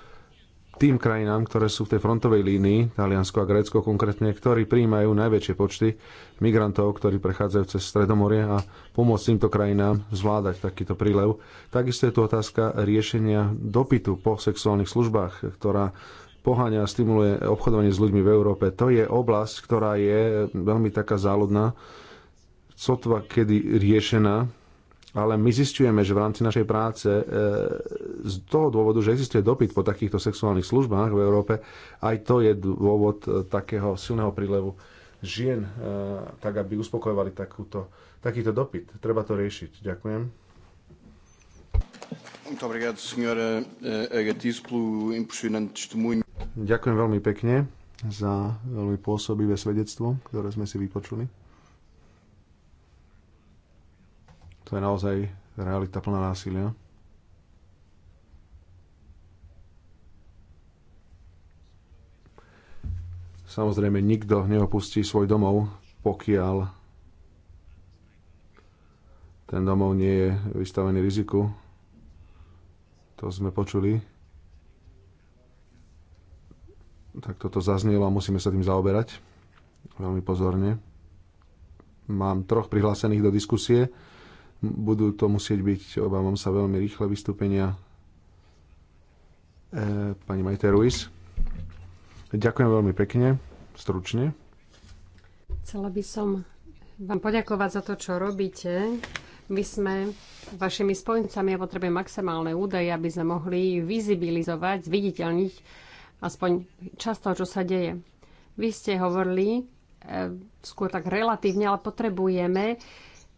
tým krajinám, ktoré sú v tej frontovej línii, Taliansko a Grécko konkrétne, ktorí príjmajú najväčšie počty migrantov, ktorí prechádzajú cez Stredomorie a pomôcť týmto krajinám zvládať takýto prílev. Takisto je tu otázka riešenia dopytu po sexuálnych službách, ktorá poháňa a stimuluje obchodovanie s ľuďmi v Európe. To je oblasť, ktorá je veľmi taká záľudná, sotva kedy riešená, ale my zistujeme, že v rámci našej práce e, z toho dôvodu, že existuje dopyt po takýchto sexuálnych službách v Európe, aj to je dôvod e, takého silného prílevu žien, e, tak aby uspokojovali takúto, takýto dopyt. Treba to riešiť. Ďakujem. Muito obrigado, senhora eh, Agatiz, pelo impressionante testemunho. Ďakujem veľmi pekne za veľmi pôsobivé svedectvo, ktoré sme si vypočuli. To je naozaj realita plná násilia. Samozrejme, nikto neopustí svoj domov, pokiaľ ten domov nie je vystavený riziku. To sme počuli tak toto zaznelo a musíme sa tým zaoberať veľmi pozorne. Mám troch prihlásených do diskusie. Budú to musieť byť, obávam sa, veľmi rýchle vystúpenia. E, pani Majte Ruiz. Ďakujem veľmi pekne, stručne. Chcela by som vám poďakovať za to, čo robíte. My sme vašimi spojencami a potrebujeme maximálne údaje, aby sme mohli vizibilizovať, zviditeľniť aspoň časť toho, čo sa deje. Vy ste hovorili, e, skôr tak relatívne, ale potrebujeme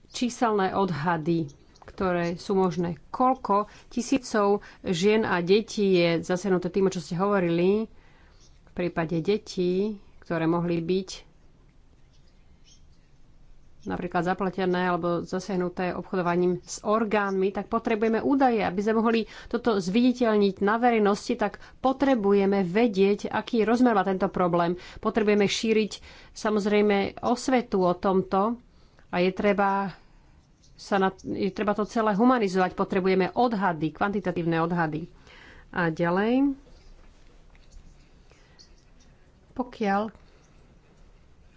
číselné odhady, ktoré sú možné. Koľko tisícov žien a detí je zasiahnuté tým, čo ste hovorili, v prípade detí, ktoré mohli byť napríklad zaplatené alebo zasiahnuté obchodovaním s orgánmi, tak potrebujeme údaje. Aby sme mohli toto zviditeľniť na verejnosti, tak potrebujeme vedieť, aký rozmer má tento problém. Potrebujeme šíriť samozrejme osvetu o tomto a je treba, sa na, je treba to celé humanizovať. Potrebujeme odhady, kvantitatívne odhady. A ďalej. Pokiaľ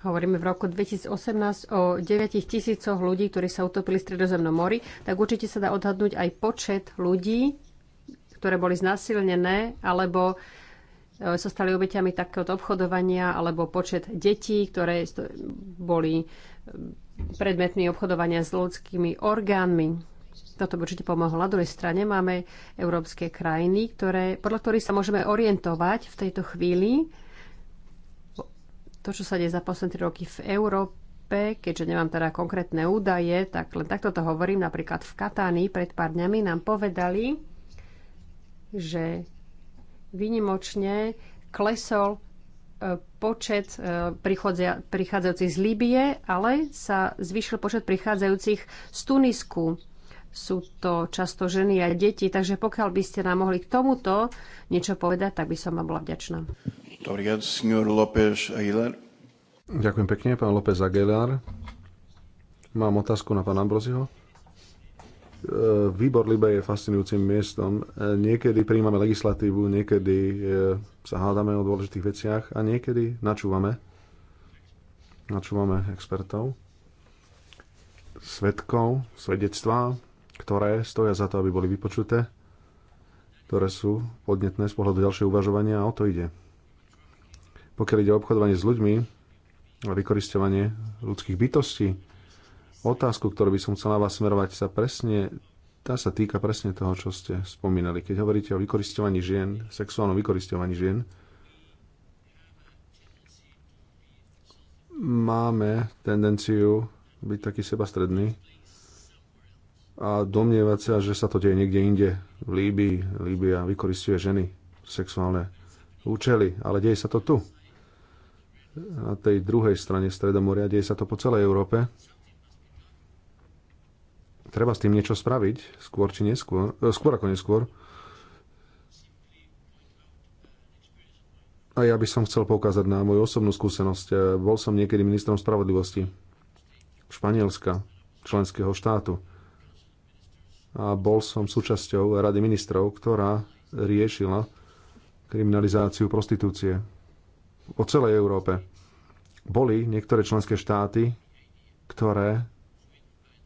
hovoríme v roku 2018 o 9 tisícoch ľudí, ktorí sa utopili v Stredozemnom mori, tak určite sa dá odhadnúť aj počet ľudí, ktoré boli znásilnené alebo e, sa stali obeťami takéhoto obchodovania alebo počet detí, ktoré boli e, predmetmi obchodovania s ľudskými orgánmi. Toto by určite pomohlo. Na druhej strane máme európske krajiny, ktoré, podľa ktorých sa môžeme orientovať v tejto chvíli to, čo sa deje za posledné 3 roky v Európe, keďže nemám teda konkrétne údaje, tak len takto to hovorím. Napríklad v Katáni pred pár dňami nám povedali, že výnimočne klesol e, počet e, prichádzajúcich z Líbie, ale sa zvyšil počet prichádzajúcich z Tunisku. Sú to často ženy a deti, takže pokiaľ by ste nám mohli k tomuto niečo povedať, tak by som vám bola vďačná. Ďakujem pekne, pán López Aguilar. Mám otázku na pána Ambroziho. E, výbor Libe je fascinujúcim miestom. E, niekedy príjmame legislatívu, niekedy e, sa hádame o dôležitých veciach a niekedy načúvame. Načúvame expertov, svetkov, svedectvá, ktoré stoja za to, aby boli vypočuté, ktoré sú podnetné z pohľadu ďalšieho uvažovania a o to ide pokiaľ ide o obchodovanie s ľuďmi a vykoristovanie ľudských bytostí, otázku, ktorú by som chcel na vás smerovať, sa presne, tá sa týka presne toho, čo ste spomínali. Keď hovoríte o vykoristovaní žien, sexuálnom vykoristovaní žien, máme tendenciu byť taký sebastredný a domnievať sa, že sa to deje niekde inde. V Líbii, Líbia vykoristuje ženy sexuálne účely, ale deje sa to tu na tej druhej strane Stredomoria, deje sa to po celej Európe. Treba s tým niečo spraviť, skôr či neskôr, e, skôr ako neskôr. A ja by som chcel poukázať na moju osobnú skúsenosť. E, bol som niekedy ministrom spravodlivosti Španielska, členského štátu. A bol som súčasťou Rady ministrov, ktorá riešila kriminalizáciu prostitúcie po celej Európe. Boli niektoré členské štáty, ktoré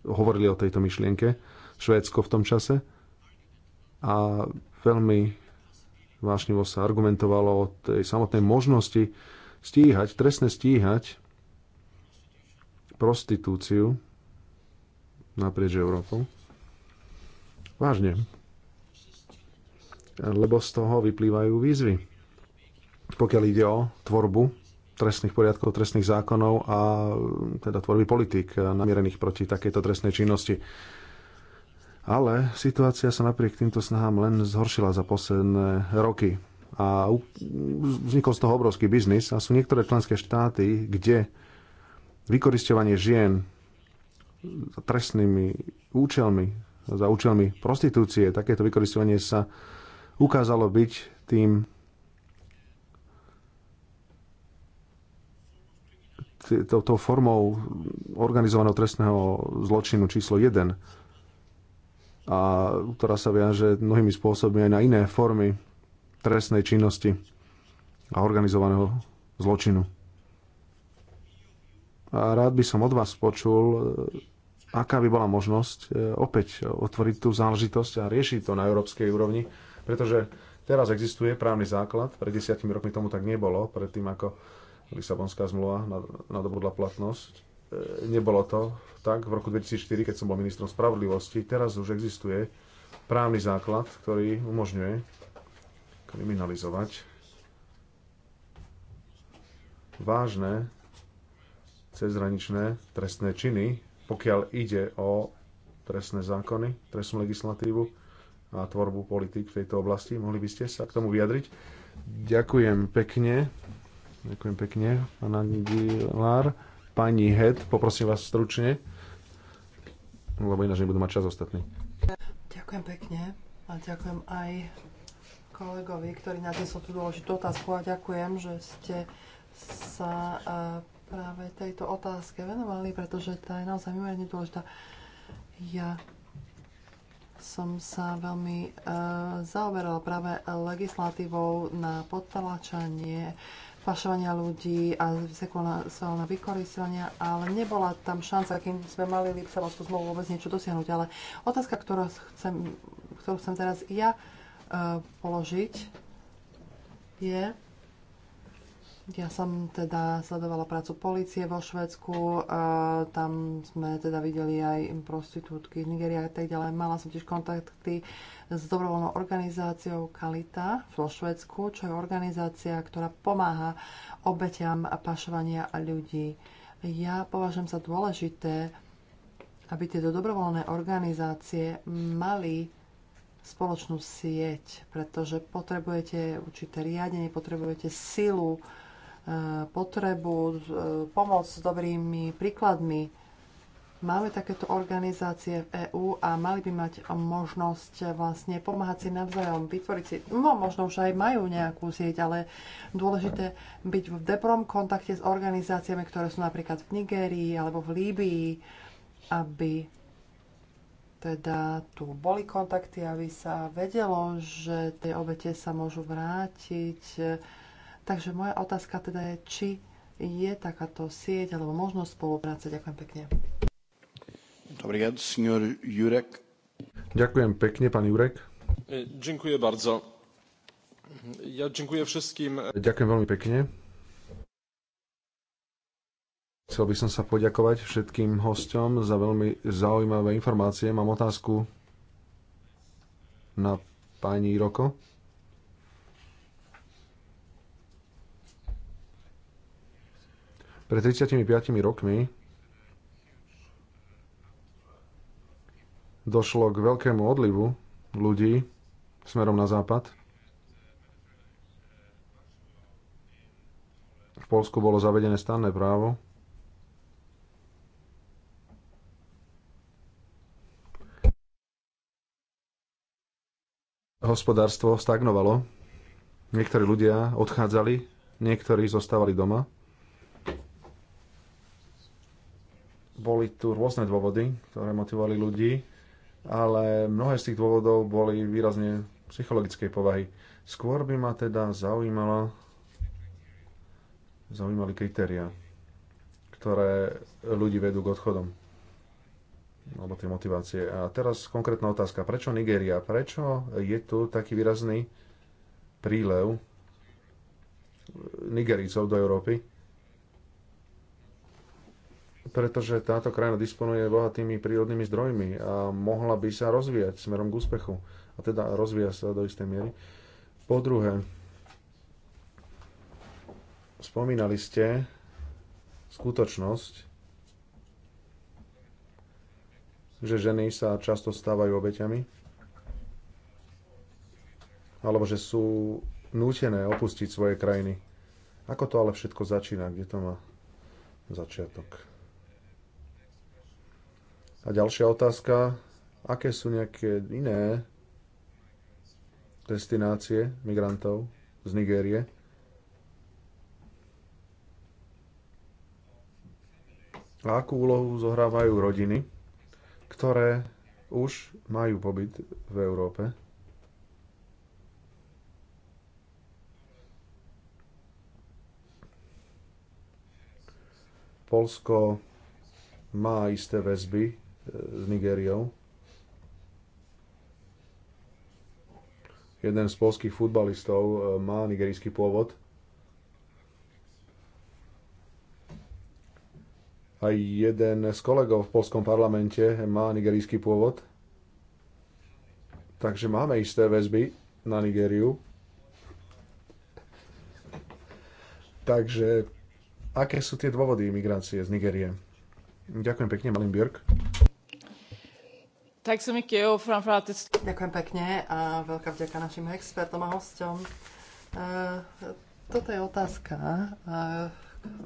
hovorili o tejto myšlienke, Švédsko v tom čase, a veľmi vášnivo sa argumentovalo o tej samotnej možnosti stíhať, trestne stíhať prostitúciu naprieč Európou. Vážne. Lebo z toho vyplývajú výzvy pokiaľ ide o tvorbu trestných poriadkov, trestných zákonov a teda tvorby politik eh, namierených proti takejto trestnej činnosti. Ale situácia sa napriek týmto snahám len zhoršila za posledné roky a vznikol z toho obrovský biznis a sú niektoré členské štáty, kde vykoristovanie žien za trestnými účelmi, za účelmi prostitúcie, takéto vykoristovanie sa ukázalo byť tým touto formou organizovaného trestného zločinu číslo 1, a ktorá sa viaže mnohými spôsobmi aj na iné formy trestnej činnosti a organizovaného zločinu. A rád by som od vás počul, e, aká by bola možnosť e, opäť otvoriť tú záležitosť a riešiť to na európskej úrovni, pretože teraz existuje právny základ, pred desiatimi rokmi tomu tak nebolo, predtým ako Lisabonská zmluva nadobudla platnosť. E, nebolo to tak v roku 2004, keď som bol ministrom spravodlivosti. Teraz už existuje právny základ, ktorý umožňuje kriminalizovať vážne cezhraničné trestné činy, pokiaľ ide o trestné zákony, trestnú legislatívu a tvorbu politik v tejto oblasti. Mohli by ste sa k tomu vyjadriť? Ďakujem pekne. Ďakujem pekne, pán Angilár. Pani Head, poprosím vás stručne, lebo ináč nebudú mať čas ostatní. Ďakujem pekne a ďakujem aj kolegovi, ktorý nadnesol tú dôležitú otázku a ďakujem, že ste sa e, práve tejto otázke venovali, pretože tá je naozaj mimoriadne dôležitá. Ja som sa veľmi e, zaoberala práve legislatívou na potlačanie fašovania ľudí a sexuálne vykoristenia, ale nebola tam šanca, kým sme mali Lipsavovskú zmluvu vôbec niečo dosiahnuť. Ale otázka, ktorú chcem, ktorú chcem teraz ja uh, položiť, je, ja som teda sledovala prácu policie vo Švedsku, tam sme teda videli aj prostitútky z Nigeria a tak ďalej. Mala som tiež kontakty s dobrovoľnou organizáciou Kalita vo Švedsku, čo je organizácia, ktorá pomáha obetiam pašovania ľudí. Ja považujem sa dôležité, aby tieto dobrovoľné organizácie mali spoločnú sieť, pretože potrebujete určité riadenie, potrebujete silu, potrebu, e, pomoc s dobrými príkladmi. Máme takéto organizácie v EÚ a mali by mať možnosť vlastne pomáhať si navzájom, vytvoriť si, no možno už aj majú nejakú sieť, ale dôležité byť v deprom kontakte s organizáciami, ktoré sú napríklad v Nigérii alebo v Líbii, aby teda tu boli kontakty, aby sa vedelo, že tie obete sa môžu vrátiť, Takže moja otázka teda je, či je takáto sieť alebo možnosť spolupráce. Ďakujem pekne. Dobrý deň, senior Jurek. Ďakujem pekne, pán Jurek. Ďakujem e, bardzo. Ja ďakujem všetkým. Ďakujem veľmi pekne. Chcel by som sa poďakovať všetkým hosťom za veľmi zaujímavé informácie. Mám otázku na pani Roko. Pred 35 rokmi došlo k veľkému odlivu ľudí smerom na západ. V Polsku bolo zavedené stanné právo. Hospodárstvo stagnovalo. Niektorí ľudia odchádzali, niektorí zostávali doma. Boli tu rôzne dôvody, ktoré motivovali ľudí, ale mnohé z tých dôvodov boli výrazne psychologickej povahy. Skôr by ma teda zaujímalo, zaujímali kritéria, ktoré ľudí vedú k odchodom alebo tie motivácie. A teraz konkrétna otázka. Prečo Nigéria? Prečo je tu taký výrazný prílev Nigericov do Európy? pretože táto krajina disponuje bohatými prírodnými zdrojmi a mohla by sa rozvíjať smerom k úspechu. A teda rozvíja sa do istej miery. Po druhé, spomínali ste skutočnosť, že ženy sa často stávajú obeťami, alebo že sú nútené opustiť svoje krajiny. Ako to ale všetko začína? Kde to má začiatok? A ďalšia otázka, aké sú nejaké iné destinácie migrantov z Nigérie? A akú úlohu zohrávajú rodiny, ktoré už majú pobyt v Európe? Polsko má isté väzby s Nigériou. Jeden z polských futbalistov e, má nigerijský pôvod. Aj jeden z kolegov v polskom parlamente má nigerijský pôvod. Takže máme isté väzby na Nigériu. Takže aké sú tie dôvody imigrácie z Nigerie? Ďakujem pekne, Malin Björk. Tak mycket och framförallt... Ďakujem pekne a veľká vďaka našim expertom a hostom. E, toto je otázka, e,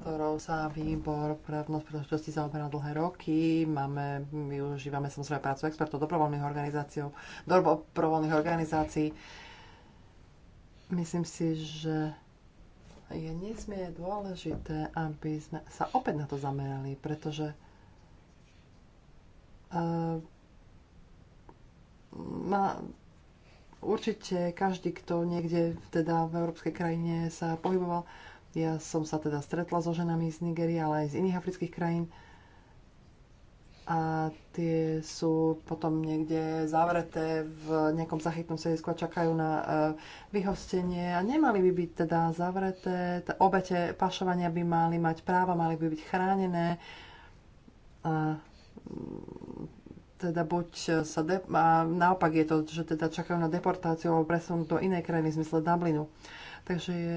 ktorou sa výbor pre vnosť príležitosti zaoberá dlhé roky. Máme, užívame samozrejme prácu expertov dobrovoľných organizácií, dobrovoľných organizácií. Myslím si, že je nesmierne dôležité, aby sme sa opäť na to zamerali, pretože e, má určite každý, kto niekde teda v európskej krajine sa pohyboval, ja som sa teda stretla so ženami z Nigerie, ale aj z iných afrických krajín, a tie sú potom niekde zavreté v nejakom zachytnom sedisku a čakajú na e, vyhostenie a nemali by byť teda zavreté. T- obete pašovania by mali mať práva, mali by byť chránené. A teda buď sa de- a naopak je to, že teda čakajú na deportáciu alebo presun do inej krajiny v zmysle Dublinu. Takže je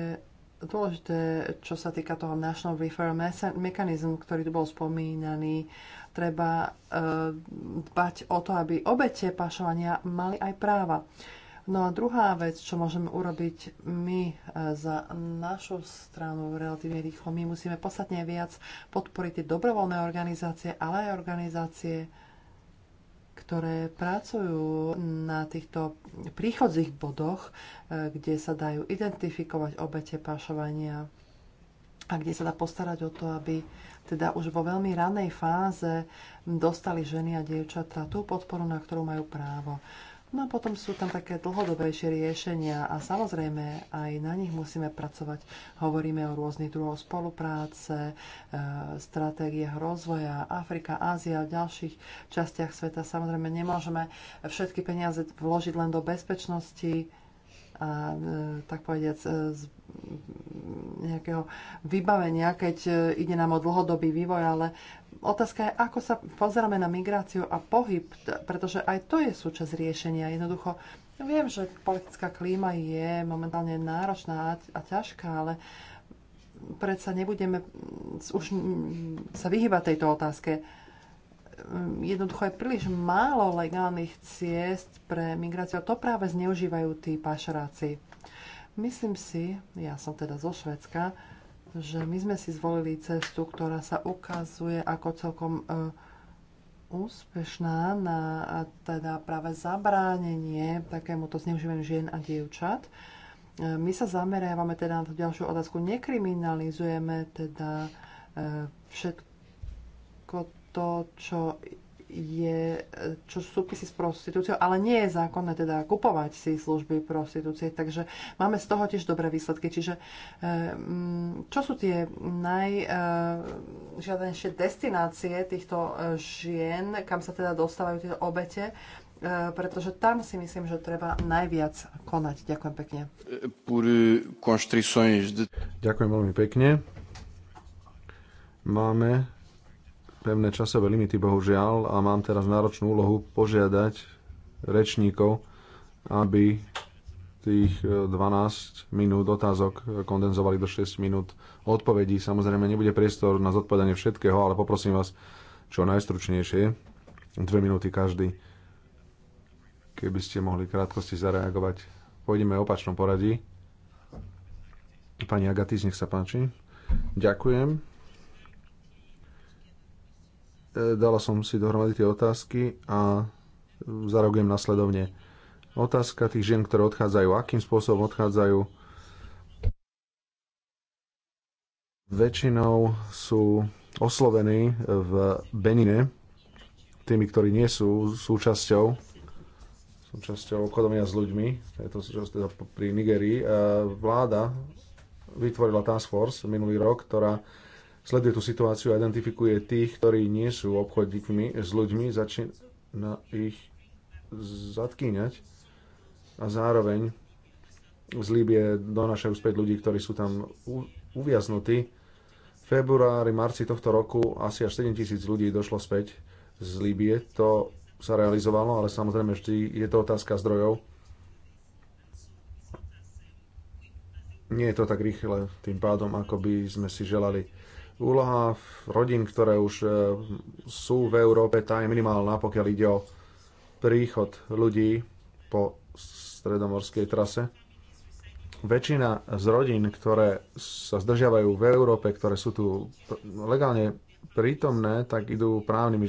dôležité, čo sa týka toho National Referral Mechanism, ktorý tu bol spomínaný, treba e, dbať o to, aby obete pašovania mali aj práva. No a druhá vec, čo môžeme urobiť my e, za našu stranu relatívne rýchlo, my musíme podstatne viac podporiť tie dobrovoľné organizácie, ale aj organizácie, ktoré pracujú na týchto príchodzích bodoch, e, kde sa dajú identifikovať obete pašovania a kde sa dá postarať o to, aby teda už vo veľmi ranej fáze dostali ženy a dievčatá tú podporu, na ktorú majú právo. No a potom sú tam také dlhodobejšie riešenia a samozrejme aj na nich musíme pracovať. Hovoríme o rôznych druhoch spolupráce, e, stratégiách rozvoja Afrika, Ázia a v ďalších častiach sveta. Samozrejme nemôžeme všetky peniaze vložiť len do bezpečnosti a e, tak povediať e, z nejakého vybavenia, keď e, ide nám o dlhodobý vývoj, ale otázka je, ako sa pozeráme na migráciu a pohyb, pretože aj to je súčasť riešenia. Jednoducho, viem, že politická klíma je momentálne náročná a ťažká, ale predsa nebudeme už sa vyhybať tejto otázke. Ehm, jednoducho je príliš málo legálnych ciest pre migráciu a to práve zneužívajú tí pašeráci Myslím si, ja som teda zo Švedska, že my sme si zvolili cestu, ktorá sa ukazuje ako celkom e, úspešná na teda práve zabránenie takémuto zneužívaniu žien a dievčat. E, my sa zameriavame teda na tú ďalšiu otázku. Nekriminalizujeme teda e, všetko to, čo je, čo súvisí s prostitúciou, ale nie je zákonné teda kupovať si služby prostitúcie. Takže máme z toho tiež dobré výsledky. Čiže eh, mm, čo sú tie najžiadanejšie eh, destinácie týchto eh, žien, kam sa teda dostávajú tieto obete? pretože tam si myslím, že treba najviac konať. Ďakujem pekne. Ďakujem veľmi pekne. Máme pevné časové limity, bohužiaľ, a mám teraz náročnú úlohu požiadať rečníkov, aby tých 12 e, minút otázok kondenzovali do 6 minút odpovedí. Samozrejme, nebude priestor na zodpovedanie všetkého, ale poprosím vás čo najstručnejšie. Dve minúty každý. Keby ste mohli krátkosti zareagovať. Pôjdeme v opačnom poradí. Pani Agatis, nech sa páči. Ďakujem. Dala som si dohromady tie otázky a zareagujem nasledovne. Otázka tých žien, ktoré odchádzajú, akým spôsobom odchádzajú. Väčšinou sú oslovení v Benine tými, ktorí nie sú súčasťou súčasťou obchodovania s ľuďmi, je to teda pri Nigerii. Vláda vytvorila task force minulý rok, ktorá sleduje tú situáciu a identifikuje tých, ktorí nie sú obchodníkmi s ľuďmi, začína ich zatkýňať a zároveň z Líbie donášajú späť ľudí, ktorí sú tam uviaznutí. V februári, marci tohto roku asi až 7 tisíc ľudí došlo späť z Líbie. To sa realizovalo, ale samozrejme vždy je to otázka zdrojov. Nie je to tak rýchle tým pádom, ako by sme si želali. Úloha rodín, ktoré už e, sú v Európe, tá je minimálna, pokiaľ ide o príchod ľudí po stredomorskej trase. Väčšina z rodín, ktoré sa zdržiavajú v Európe, ktoré sú tu legálne prítomné, tak idú právnymi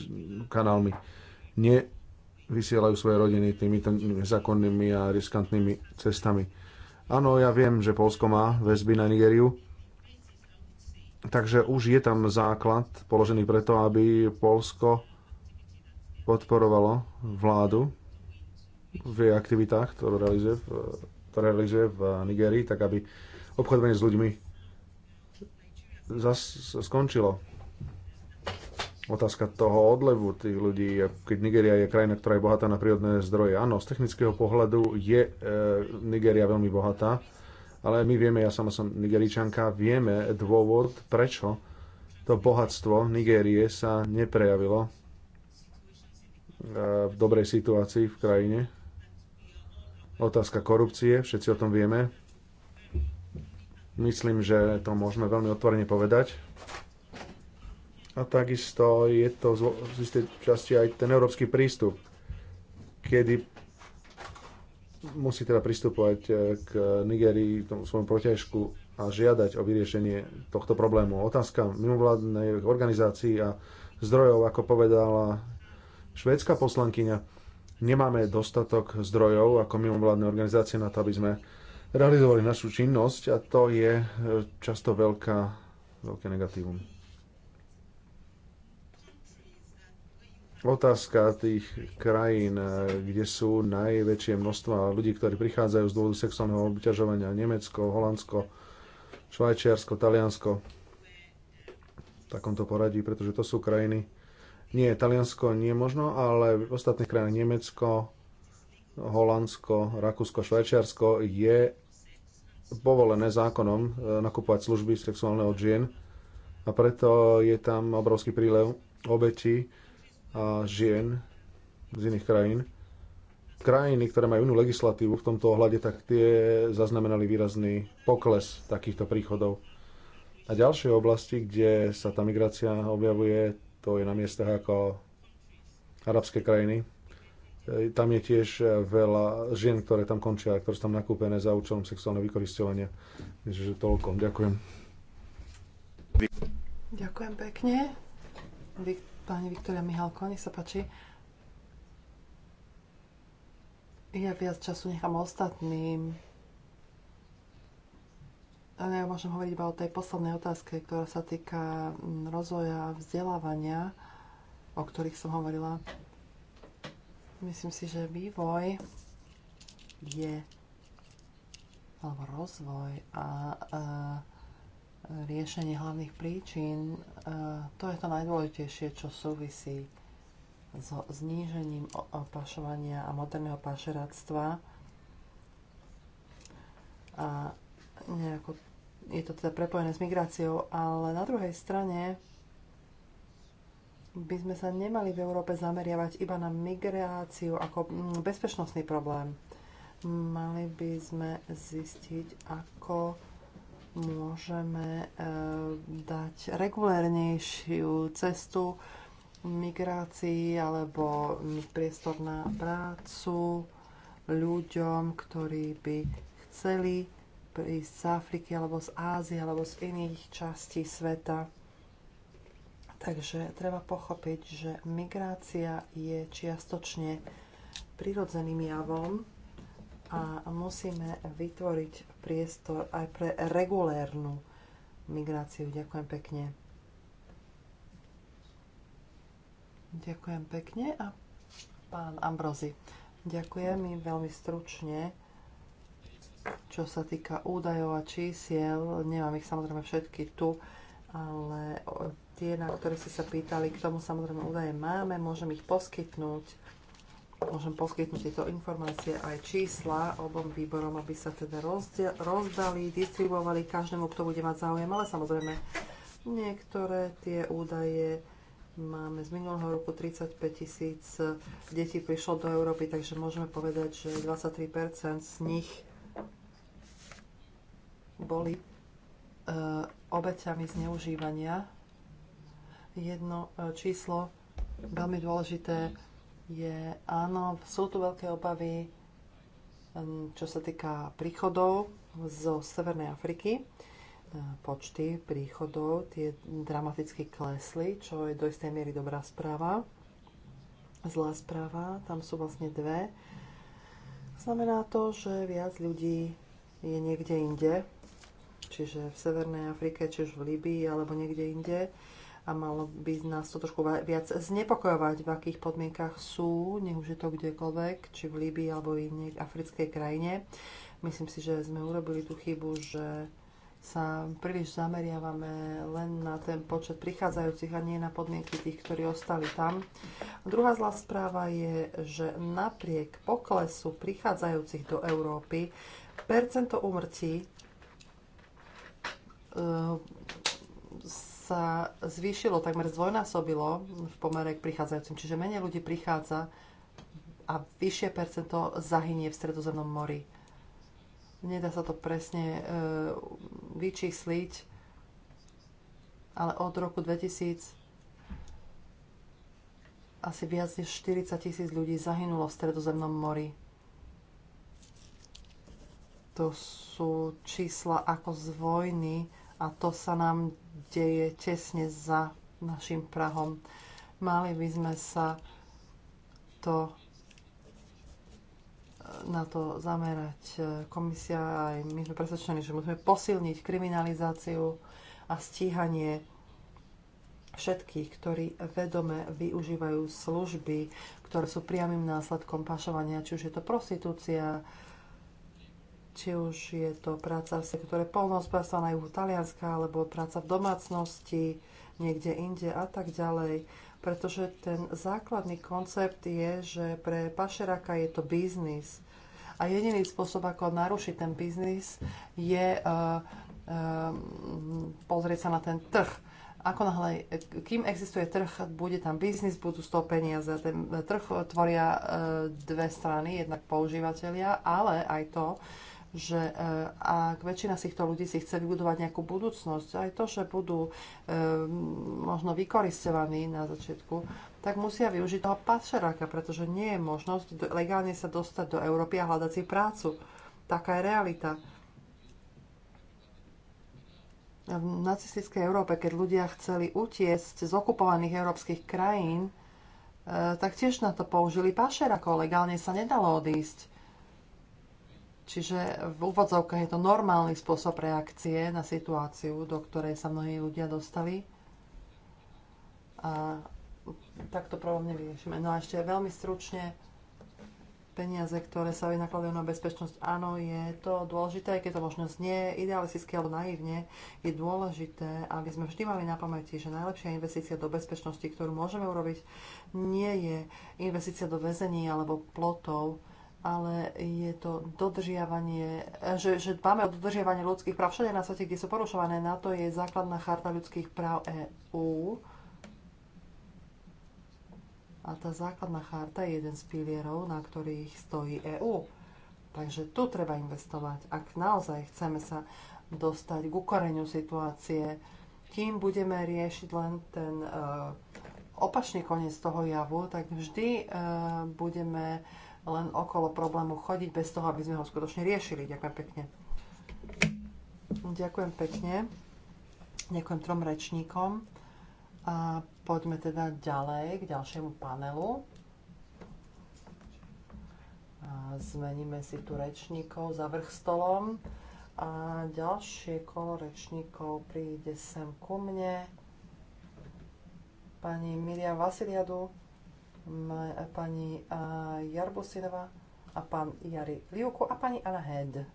kanálmi. Nevysielajú svoje rodiny týmito nezákonnými a riskantnými cestami. Áno, ja viem, že Polsko má väzby na Nigériu, Takže už je tam základ položený preto, aby Polsko podporovalo vládu v jej aktivitách, ktoré realizuje v, ktoré realizuje v Nigerii, tak aby obchodovanie s ľuďmi zas skončilo. Otázka toho odlevu tých ľudí, keď Nigeria je krajina, ktorá je bohatá na prírodné zdroje. Áno, z technického pohľadu je e, Nigeria veľmi bohatá ale my vieme, ja sama som nigeričanka, vieme dôvod, prečo to bohatstvo Nigérie sa neprejavilo e, v dobrej situácii v krajine. Otázka korupcie, všetci o tom vieme. Myslím, že to môžeme veľmi otvorene povedať. A takisto je to z istej časti aj ten európsky prístup, kedy musí teda pristupovať e, k Nigerii, tomu svojom protiažku a žiadať o vyriešenie tohto problému. Otázka mimovládnej organizácií a zdrojov, ako povedala švédska poslankyňa, nemáme dostatok zdrojov ako mimovládne organizácie na to, aby sme realizovali našu činnosť a to je e, často veľká, veľké negatívum. otázka tých krajín, eh, kde sú najväčšie množstva ľudí, ktorí prichádzajú z dôvodu sexuálneho obťažovania. Nemecko, Holandsko, Švajčiarsko, Taliansko. V takomto poradí, pretože to sú krajiny. Nie, Taliansko nie možno, ale v ostatných krajinách Nemecko, Holandsko, Rakúsko, Švajčiarsko je povolené zákonom eh, nakupovať služby sexuálne od žien a preto je tam obrovský prílev obetí žien z iných krajín. Krajiny, ktoré majú inú legislatívu v tomto ohľade, tak tie zaznamenali výrazný pokles takýchto príchodov. A ďalšie oblasti, kde sa tá migrácia objavuje, to je na miestach ako arabské krajiny. E, tam je tiež veľa žien, ktoré tam končia, ktoré sú tam nakúpené za účelom sexuálneho vykoristovania. Takže toľko. Ďakujem. Ďakujem pekne. Pani Viktoria Mihalko, nech sa páči. Ja viac času nechám ostatným. Ale ja môžem hovoriť iba o tej poslednej otázke, ktorá sa týka mm, rozvoja vzdelávania, o ktorých som hovorila. Myslím si, že vývoj je alebo rozvoj a, a riešenie hlavných príčin, e, to je to najdôležitejšie, čo súvisí s znížením pašovania a moderného pašeráctva. A nejako, je to teda prepojené s migráciou, ale na druhej strane by sme sa nemali v Európe zameriavať iba na migráciu ako mm, bezpečnostný problém. Mali by sme zistiť, ako môžeme e, dať regulérnejšiu cestu migrácii alebo priestor na prácu ľuďom, ktorí by chceli prísť z Afriky alebo z Ázie alebo z iných častí sveta. Takže treba pochopiť, že migrácia je čiastočne prirodzeným javom a musíme vytvoriť priestor aj pre regulérnu migráciu. Ďakujem pekne. Ďakujem pekne a pán Ambrozi. Ďakujem mi veľmi stručne. Čo sa týka údajov a čísiel, nemám ich samozrejme všetky tu, ale tie, na ktoré ste sa pýtali, k tomu samozrejme údaje máme, môžem ich poskytnúť môžem poskytnúť tieto informácie aj čísla obom výborom, aby sa teda rozdali, distribuovali každému, kto bude mať záujem, ale samozrejme niektoré tie údaje máme z minulého roku 35 tisíc detí prišlo do Európy, takže môžeme povedať, že 23% z nich boli uh, obeťami zneužívania. Jedno eh, číslo veľmi dôležité je, áno, sú tu veľké obavy, hm, čo sa týka príchodov zo Severnej Afriky. Hm, počty príchodov tie dramaticky klesli, čo je do istej miery dobrá správa. Zlá správa, tam sú vlastne dve. Znamená to, že viac ľudí je niekde inde, čiže v Severnej Afrike, čiže v Líbii alebo niekde inde a malo by nás to trošku viac znepokojovať, v akých podmienkach sú, nech už je to kdekoľvek, či v Líbii alebo inej africkej krajine. Myslím si, že sme urobili tú chybu, že sa príliš zameriavame len na ten počet prichádzajúcich a nie na podmienky tých, ktorí ostali tam. Druhá zlá správa je, že napriek poklesu prichádzajúcich do Európy percento umrtí eh, sa zvýšilo, takmer zdvojnásobilo v pomere k prichádzajúcim, čiže menej ľudí prichádza a vyššie percento zahynie v Stredozemnom mori. Nedá sa to presne e, vyčísliť, ale od roku 2000 asi viac než 40 tisíc ľudí zahynulo v Stredozemnom mori. To sú čísla ako z vojny a to sa nám deje tesne za našim Prahom. Mali by sme sa to na to zamerať. Komisia aj my sme presvedčení, že musíme posilniť kriminalizáciu a stíhanie všetkých, ktorí vedome využívajú služby, ktoré sú priamým následkom pašovania, či už je to prostitúcia, či už je to práca v sektore polnohospodárstva na juhu Talianska, alebo práca v domácnosti, niekde inde a tak ďalej. Pretože ten základný koncept je, že pre pašeraka je to biznis. A jediný spôsob, ako narušiť ten biznis, je uh, uh, pozrieť sa na ten trh. Ako nahlé, kým existuje trh, bude tam biznis, budú z toho peniaze. Ten trh tvoria uh, dve strany, jednak používateľia, ale aj to, uh, že e, ak väčšina z týchto ľudí si chce vybudovať nejakú budúcnosť, aj to, že budú e, možno vykoristovaní na začiatku, tak musia využiť toho pašeráka, pretože nie je možnosť legálne sa dostať do Európy a hľadať si prácu. Taká je realita. V nacistickej Európe, keď ľudia chceli utiesť z okupovaných európskych krajín, e, tak tiež na to použili pašerakov. Legálne sa nedalo odísť Čiže v úvodzovkách je to normálny spôsob reakcie na situáciu, do ktorej sa mnohí ľudia dostali. A takto problém nevyriešime. No a ešte veľmi stručne, peniaze, ktoré sa vynakladajú na bezpečnosť, áno, je to dôležité, aj keď to možno znie idealisticky alebo naivne, je dôležité, aby sme vždy mali na pamäti, že najlepšia investícia do bezpečnosti, ktorú môžeme urobiť, nie je investícia do väzení alebo plotov, ale je to dodržiavanie, že, že máme o dodržiavanie ľudských práv všade na svete, kde sú porušované. Na to je základná charta ľudských práv EÚ. A tá základná charta je jeden z pilierov, na ktorých stojí EÚ. Takže tu treba investovať, ak naozaj chceme sa dostať k ukoreniu situácie, kým budeme riešiť len ten uh, opačný koniec toho javu, tak vždy uh, budeme uh, len okolo problému chodiť bez toho, aby sme ho skutočne riešili. Ďakujem pekne. Ďakujem pekne. Ďakujem trom rečníkom. A poďme teda ďalej k ďalšiemu panelu. A zmeníme si tu rečníkov za vrch stolom. A ďalšie kolo rečníkov príde sem ku mne. Pani Miria Vasiliadu pani Jarbusinová a pán Jari Liuku a pani Anna Head.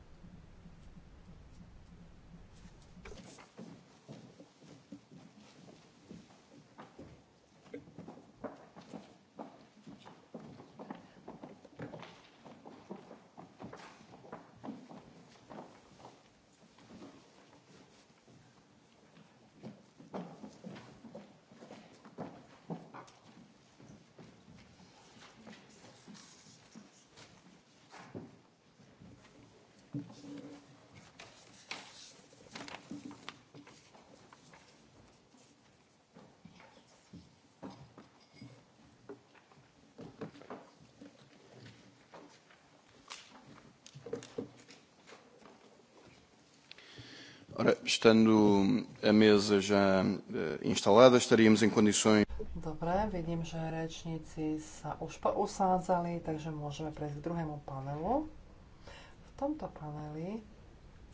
Ora, estando a mesa já eh, instalada, estaríamos em condições. Dobre, vidím, že rečníci sa už usádzali, takže môžeme prejsť k druhému panelu. V tomto paneli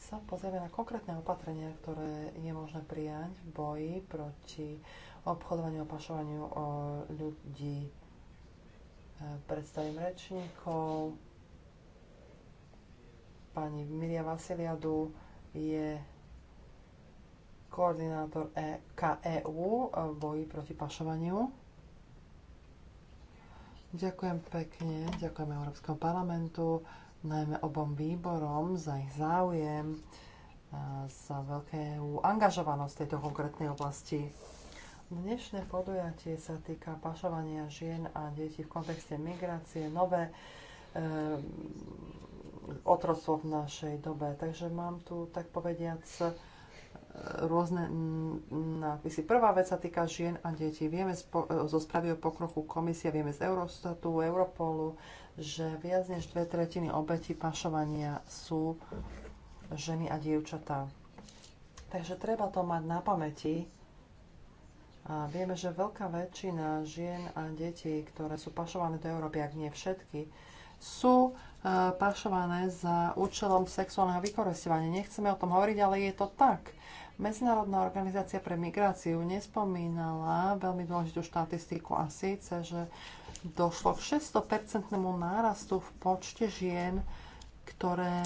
sa pozrieme na konkrétne opatrenia, ktoré je možné prijať v boji proti obchodovaniu a pašovaniu eh, ľudí. Eh, predstavím rečníkov. Pani Miria Vasiliadu je koordinátor EKEU v boji proti pašovaniu. Ďakujem pekne, ďakujem Európskom parlamentu, najmä obom výborom za ich záujem, za veľkú angažovanosť v tejto konkrétnej oblasti. Dnešné podujatie sa týka pašovania žien a detí v kontexte migrácie, nové e, otroctvo v našej dobe. Takže mám tu, tak povediac, rôzne mm, mm, nápisy. Prvá vec sa týka žien a detí. Vieme e, zo spravy o pokroku komisie, vieme z Eurostatu, Europolu, že viac než dve tretiny obetí pašovania sú ženy a dievčatá. Takže treba to mať na pamäti. A vieme, že veľká väčšina žien a detí, ktoré sú pašované do Európy, ak nie všetky, sú e, pašované za účelom sexuálneho vykoristovania. Nechceme o tom hovoriť, ale je to tak. Medzinárodná organizácia pre migráciu nespomínala veľmi dôležitú štatistiku a síce, že došlo k 600-percentnému nárastu v počte žien, ktoré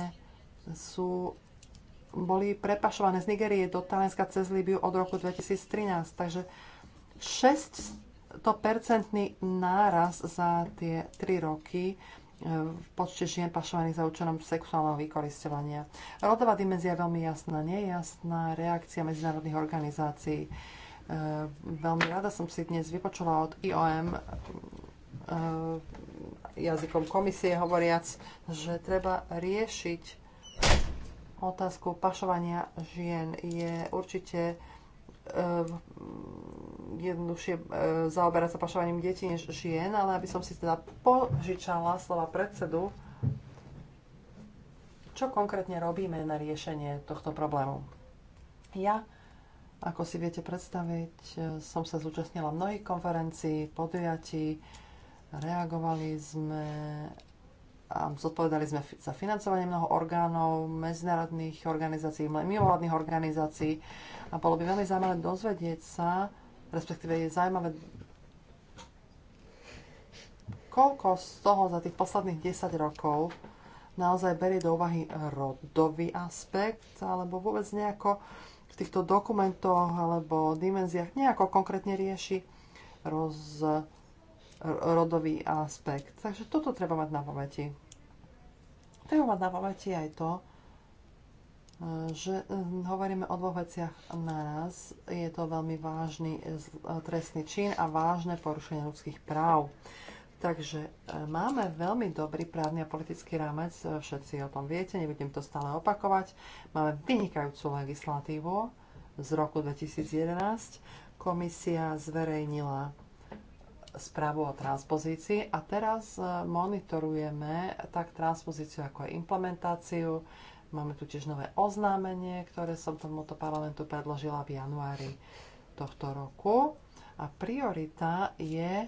sú, boli prepašované z Nigerie do Talenska cez Líbiu od roku 2013. Takže 600-percentný náraz za tie 3 roky v počte žien pašovaných za účelom sexuálneho vykoristovania. Rodová dimenzia je veľmi jasná, nejasná reakcia medzinárodných organizácií. E, veľmi rada som si dnes vypočula od IOM e, jazykom komisie hovoriac, že treba riešiť otázku pašovania žien. Je určite e, jednoduchšie e, zaoberať sa pašovaním detí než žien, ale aby som si teda požičala slova predsedu, čo konkrétne robíme na riešenie tohto problému. Ja, ako si viete predstaviť, e, som sa zúčastnila mnohých konferencií, podujatí, reagovali sme a zodpovedali sme za financovanie mnoho orgánov, medzinárodných organizácií, mimovládnych organizácií a bolo by veľmi zaujímavé dozvedieť sa, respektíve je zaujímavé, koľko z toho za tých posledných 10 rokov naozaj berie do úvahy rodový aspekt, alebo vôbec nejako v týchto dokumentoch alebo dimenziách nejako konkrétne rieši roz, rodový aspekt. Takže toto treba mať na pamäti. Treba mať na pamäti aj to, že hm, hovoríme o dvoch veciach naraz. Je to veľmi vážny e, trestný čin a vážne porušenie ľudských práv. Takže e, máme veľmi dobrý právny a politický rámec, e, všetci o tom viete, nebudem to stále opakovať. Máme vynikajúcu legislatívu z roku 2011. Komisia zverejnila správu o transpozícii a teraz monitorujeme tak transpozíciu ako aj implementáciu Máme tu tiež nové oznámenie, ktoré som tomuto parlamentu predložila v januári tohto roku. A priorita je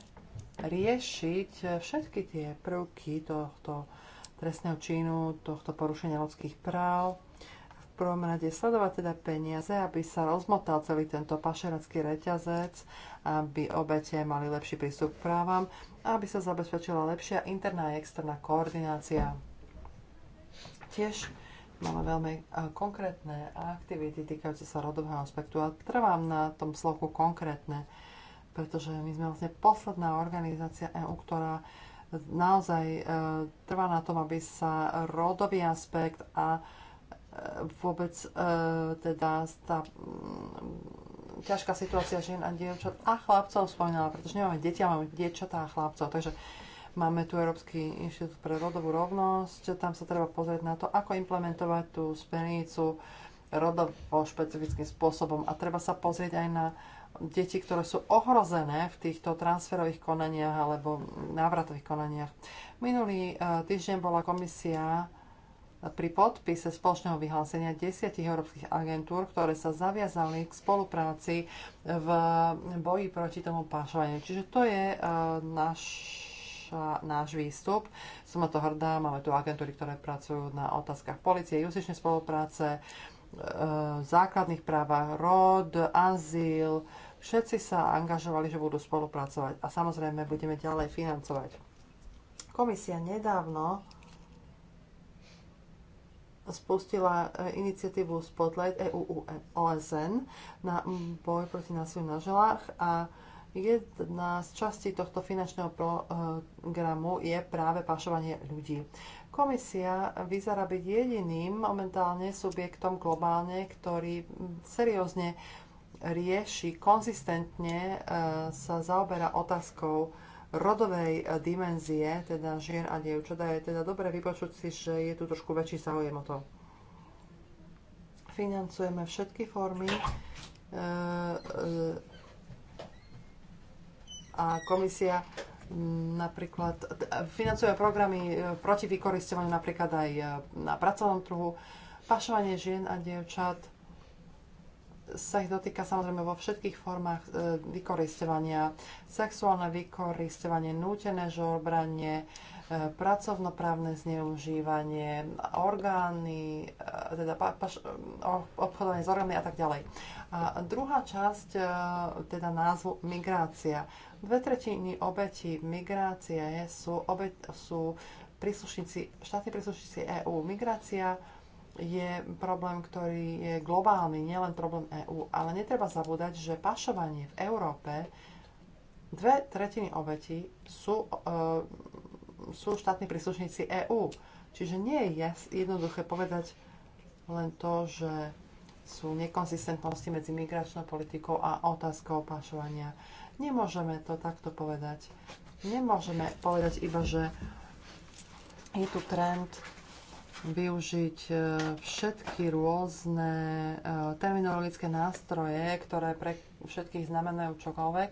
riešiť všetky tie prvky tohto trestného činu, tohto porušenia ľudských práv. V prvom rade sledovať teda peniaze, aby sa rozmotal celý tento pašeracký reťazec, aby obete mali lepší prístup k právam, aby sa zabezpečila lepšia interná a externá koordinácia. Tiež máme veľmi konkrétne aktivity týkajúce sa rodového aspektu a trvám na tom slovku konkrétne, pretože my sme vlastne posledná organizácia EU, ktorá naozaj e, trvá na tom, aby sa rodový aspekt a e, vôbec e, teda tá mm, ťažká situácia žien a dievčat a chlapcov spomínala, pretože nemáme deti, ale máme dievčatá a chlapcov. Takže Máme tu Európsky inštitút pre rodovú rovnosť, tam sa treba pozrieť na to, ako implementovať tú smernicu rodovo špecifickým spôsobom. A treba sa pozrieť aj na deti, ktoré sú ohrozené v týchto transferových konaniach alebo návratových konaniach. Minulý eh, týždeň bola komisia pri podpise spoločného vyhlásenia desiatich európskych agentúr, ktoré sa zaviazali k spolupráci v boji proti tomu pášovaniu. Čiže to je eh, náš naša, náš výstup. Som na to hrdá, máme tu agentúry, ktoré pracujú na otázkach policie, justičnej spolupráce, e, základných právach, rod, azyl. Všetci sa angažovali, že budú spolupracovať a samozrejme budeme ďalej financovať. Komisia nedávno spustila e, iniciatívu Spotlight EU e OSN na boj proti násiliu na želách a Jedna z častí tohto finančného programu je práve pašovanie ľudí. Komisia vyzerá byť jediným momentálne subjektom globálne, ktorý seriózne rieši, konzistentne e, sa zaoberá otázkou rodovej e, dimenzie, teda žien a dievčat. A je teda dobre vypočuť si, že je tu trošku väčší záujem o to. Financujeme všetky formy e, a komisia mm, napríklad financuje programy e, proti vykoristovaniu napríklad aj e, na pracovnom trhu. Pašovanie žien a dievčat sa ich dotýka samozrejme vo všetkých formách e, vykoristovania. Sexuálne vykoristovanie, nútené žobranie, E, pracovnoprávne zneužívanie, orgány, e, teda paš, e, obchodovanie s orgánmi a tak ďalej. A druhá časť teda názvu migrácia. Dve tretiny obetí migrácie sú, obet, sú príslušníci, štátni príslušníci EÚ. Migrácia je problém, ktorý je globálny, nielen problém EÚ, ale netreba zabúdať, že pašovanie v Európe dve tretiny obetí sú e, sú štátni príslušníci EÚ. Čiže nie je jednoduché povedať len to, že sú nekonzistentnosti medzi migračnou politikou a otázkou opášovania. Nemôžeme to takto povedať. Nemôžeme povedať iba, že je tu trend využiť e, všetky rôzne e, terminologické nástroje, ktoré pre všetkých znamenajú čokoľvek,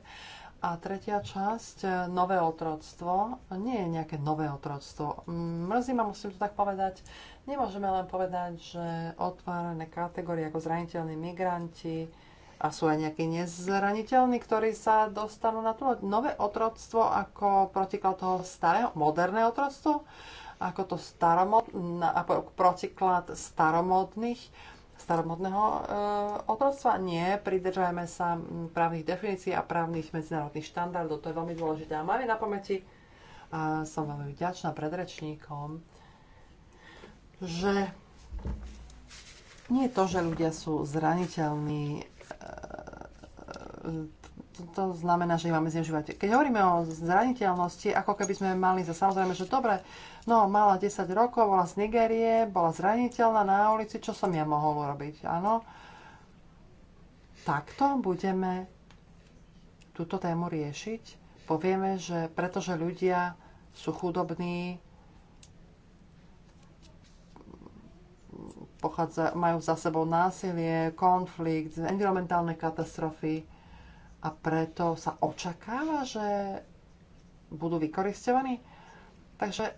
a tretia časť, e, nové otroctvo. Nie je nejaké nové otroctvo. Mrzí ma, musím to tak povedať. Nemôžeme len povedať, že otvárané kategórie ako zraniteľní migranti a sú aj nejakí nezraniteľní, ktorí sa dostanú na to nové otroctvo ako protiklad toho starého, moderné otroctvo, ako to staromod, na, ako protiklad staromodných staromodného e, otroctva? Nie, pridržajme sa hm, právnych definícií a právnych medzinárodných štandardov. To je veľmi dôležité. A máme na pamäti, a som veľmi vďačná predrečníkom, že nie je to, že ľudia sú zraniteľní, e, to znamená, že ich máme zneužívať. Keď hovoríme o zraniteľnosti, ako keby sme mali za samozrejme, že dobre, no mala 10 rokov, bola z Nigérie, bola zraniteľná na ulici, čo som ja mohol urobiť, áno. Takto budeme túto tému riešiť. Povieme, že pretože ľudia sú chudobní, pochádza, majú za sebou násilie, konflikt, environmentálne katastrofy, a preto sa očakáva, že budú vykoristovaní. Takže eh,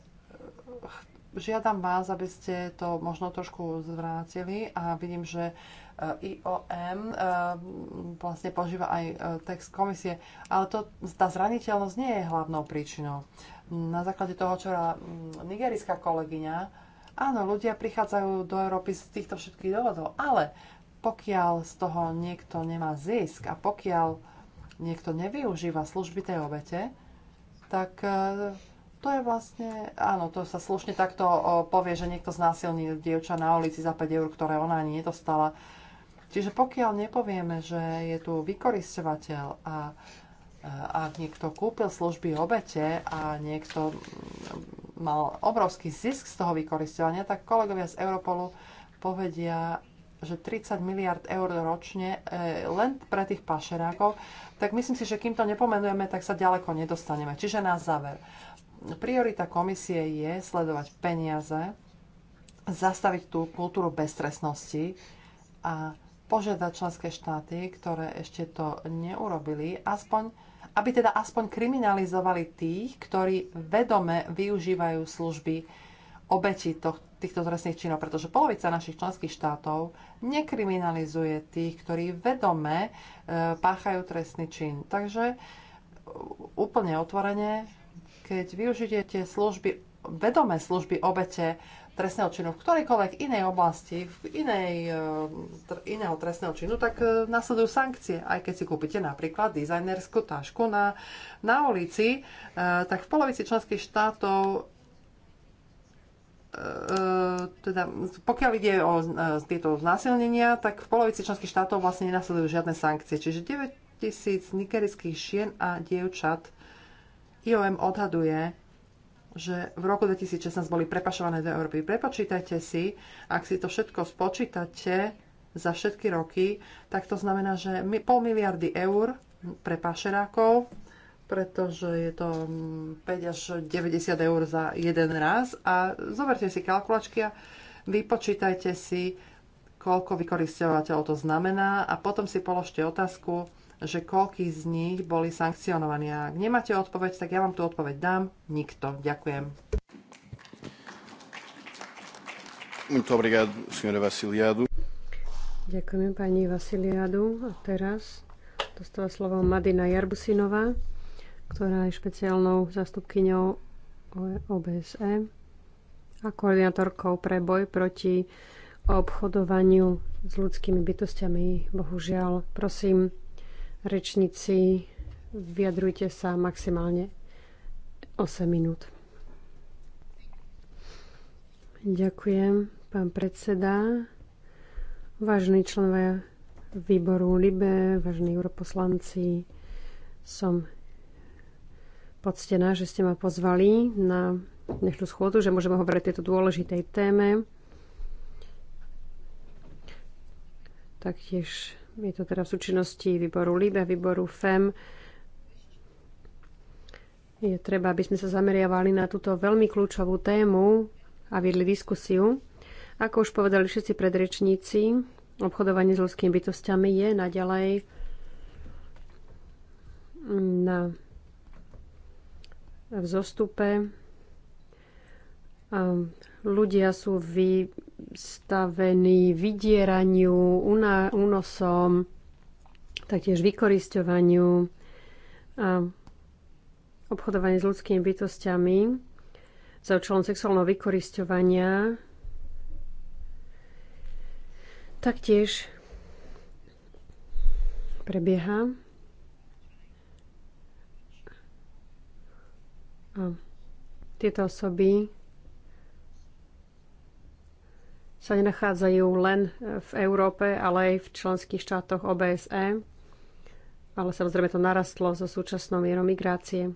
žiadam vás, aby ste to možno trošku zvrátili a vidím, že eh, IOM eh, vlastne požíva aj text komisie, ale to, tá zraniteľnosť nie je hlavnou príčinou. Na základe toho, čo mm, nigerická kolegyňa, áno, ľudia prichádzajú do Európy z týchto všetkých dôvodov, ale pokiaľ z toho niekto nemá zisk a pokiaľ niekto nevyužíva služby tej obete, tak e, to je vlastne, áno, to sa slušne takto povie, že niekto znásilní dievča na ulici za 5 eur, ktoré ona ani nedostala. Čiže pokiaľ nepovieme, že je tu vykoristovateľ a e, ak niekto kúpil služby obete a niekto mal obrovský zisk z toho vykoristovania, tak kolegovia z Europolu povedia, že 30 miliard eur ročne e, len pre tých pašerákov, tak myslím si, že kým to nepomenujeme, tak sa ďaleko nedostaneme. Čiže na záver. Priorita komisie je sledovať peniaze, zastaviť tú kultúru beztresnosti a požiadať členské štáty, ktoré ešte to neurobili, aspoň, aby teda aspoň kriminalizovali tých, ktorí vedome využívajú služby obeti týchto trestných činov, pretože polovica našich členských štátov nekriminalizuje tých, ktorí vedome e, páchajú trestný čin. Takže e, úplne otvorene, keď využijete služby, vedomé služby obete trestného činu v ktorejkoľvek inej oblasti, v inej, e, iného trestného činu, tak nasledujú sankcie. Aj keď si kúpite napríklad dizajnerskú tašku na, na ulici, tak v polovici členských štátov E, teda, pokiaľ ide o e, tieto znásilnenia, tak v polovici členských štátov vlastne nenasledujú žiadne sankcie. Čiže 9000 nikerických šien a dievčat IOM odhaduje, že v roku 2016 boli prepašované do Európy. Prepočítajte si, ak si to všetko spočítate za všetky roky, tak to znamená, že pol miliardy eur pre pašerákov pretože je to 5 mm, až 90 eur za jeden raz a zoberte si kalkulačky a vypočítajte si, koľko vykoristovateľov to znamená a potom si položte otázku, že koľký z nich boli sankcionovaní. A ak nemáte odpoveď, tak ja vám tú odpoveď dám. Nikto. Ďakujem. Ďakujem pani Vasiliadu. A teraz dostala slovo Madina Jarbusinová ktorá je špeciálnou zastupkyňou OBSE a koordinátorkou pre boj proti obchodovaniu s ľudskými bytostiami. Bohužiaľ, prosím, rečníci, vyjadrujte sa maximálne 8 minút. Ďakujem, pán predseda, vážení členovia výboru LIBE, vážení europoslanci, som poctená, že ste ma pozvali na dnešnú schôdu, že môžeme hovoriť o tejto dôležitej téme. Taktiež je to teda v súčinnosti výboru LIBE, výboru FEM. Je treba, aby sme sa zameriavali na túto veľmi kľúčovú tému a viedli diskusiu. Ako už povedali všetci predrečníci, obchodovanie s ľudskými bytostiami je naďalej na v zostupe. Ľudia sú vystavení vydieraniu, únosom, taktiež vykorisťovaniu, obchodovanie s ľudskými bytostiami za účelom sexuálneho vykorisťovania. Taktiež prebieha A tieto osoby sa nenachádzajú len v Európe, ale aj v členských štátoch OBSE. Ale samozrejme to narastlo so súčasnou mierou migrácie.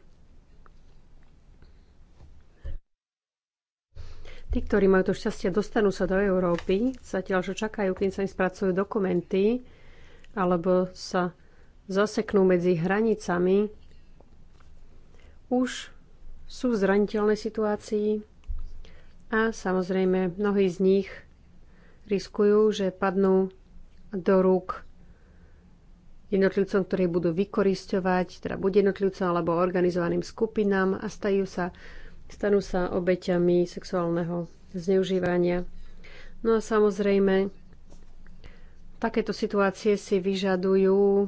Tí, ktorí majú to šťastie, dostanú sa do Európy, zatiaľ, že čakajú, kým sa im spracujú dokumenty, alebo sa zaseknú medzi hranicami, už sú v zraniteľnej situácii a samozrejme mnohí z nich riskujú, že padnú do rúk jednotlivcom, ktorí budú vykoristovať, teda buď jednotlivcom alebo organizovaným skupinám a stajú sa, stanú sa obeťami sexuálneho zneužívania. No a samozrejme, takéto situácie si vyžadujú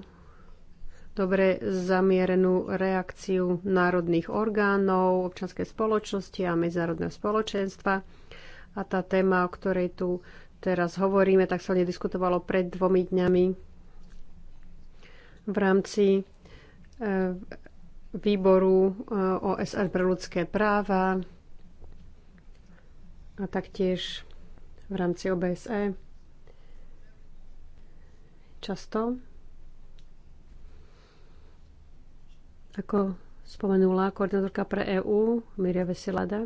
dobre zamierenú reakciu národných orgánov, občanskej spoločnosti a medzinárodného spoločenstva. A tá téma, o ktorej tu teraz hovoríme, tak sa nediskutovalo pred dvomi dňami v rámci e, výboru e, OSR pre ľudské práva a taktiež v rámci OBSE. Často Ako spomenula koordinátorka pre EÚ Miria Veselada,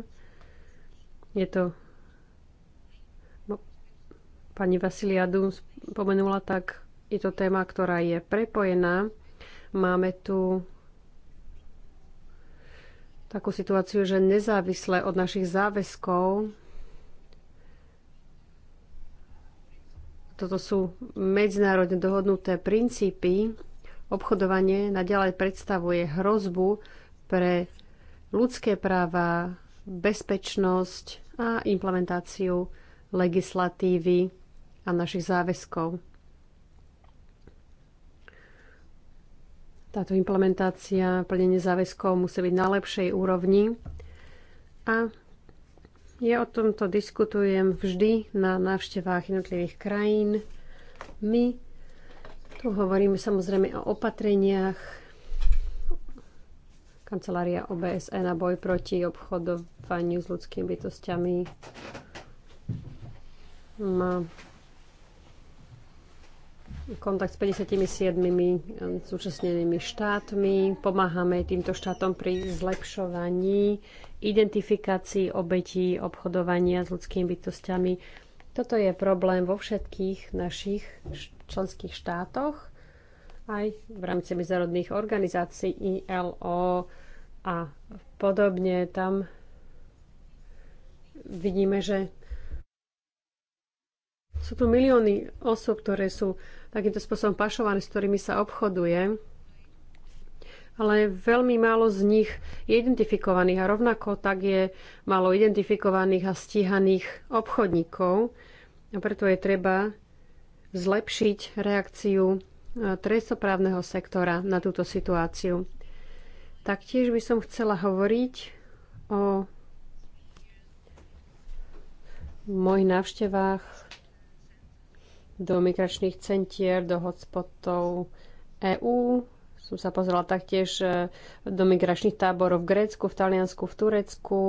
je to pani Vasiliadu spomenula, tak je to téma, ktorá je prepojená. Máme tu takú situáciu, že nezávisle od našich záväzkov toto sú medzinárodne dohodnuté princípy obchodovanie naďalej predstavuje hrozbu pre ľudské práva, bezpečnosť a implementáciu legislatívy a našich záväzkov. Táto implementácia, plnenie záväzkov musí byť na lepšej úrovni a ja o tomto diskutujem vždy na návštevách jednotlivých krajín. My tu hovoríme samozrejme o opatreniach. Kancelária OBSE na boj proti obchodovaniu s ľudskými bytostiami má kontakt s 57 súčasnenými eh, štátmi. Pomáhame týmto štátom pri zlepšovaní identifikácii obetí obchodovania s ľudskými bytostiami toto je problém vo všetkých našich členských štátoch, aj v rámci medzinárodných organizácií ILO a podobne. Tam vidíme, že sú tu milióny osôb, ktoré sú takýmto spôsobom pašované, s ktorými sa obchoduje ale veľmi málo z nich je identifikovaných a rovnako tak je málo identifikovaných a stíhaných obchodníkov. A preto je treba zlepšiť reakciu e, trestoprávneho sektora na túto situáciu. Taktiež by som chcela hovoriť o mojich návštevách do migračných centier, do hotspotov EÚ som sa pozrela taktiež e, do migračných táborov v Grécku, v Taliansku, v Turecku.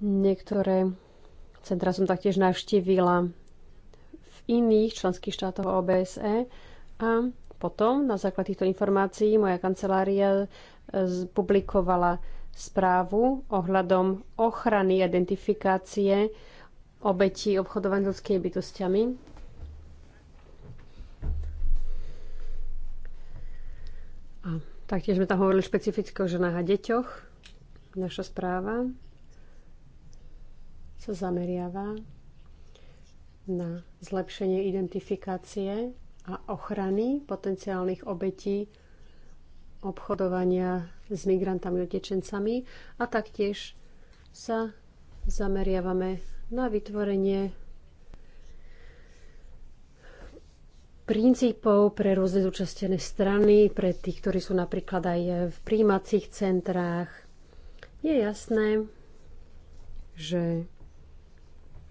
Niektoré centra som taktiež navštívila v iných členských štátoch OBSE a potom na základ týchto informácií moja kancelária e, publikovala správu ohľadom ochrany identifikácie obetí obchodovania ľudskými bytostiami A taktiež sme tam hovorili špecificky o ženách a deťoch. Naša správa sa zameriava na zlepšenie identifikácie a ochrany potenciálnych obetí obchodovania s migrantami a utečencami a taktiež sa zameriavame na vytvorenie princípov pre rôzne zúčastnené strany, pre tých, ktorí sú napríklad aj v príjmacích centrách, je jasné, že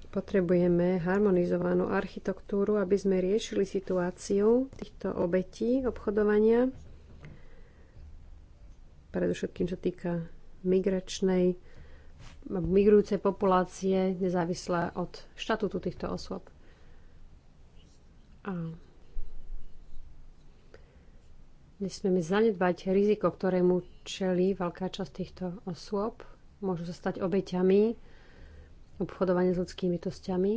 potrebujeme harmonizovanú architektúru, aby sme riešili situáciu týchto obetí obchodovania, predovšetkým čo týka migračnej, migrujúcej populácie, nezávisle od štatútu týchto osôb. A Nesmieme zanedbať riziko, ktorému čelí veľká časť týchto osôb. Môžu sa stať obeťami obchodovania s ľudskými tosťami.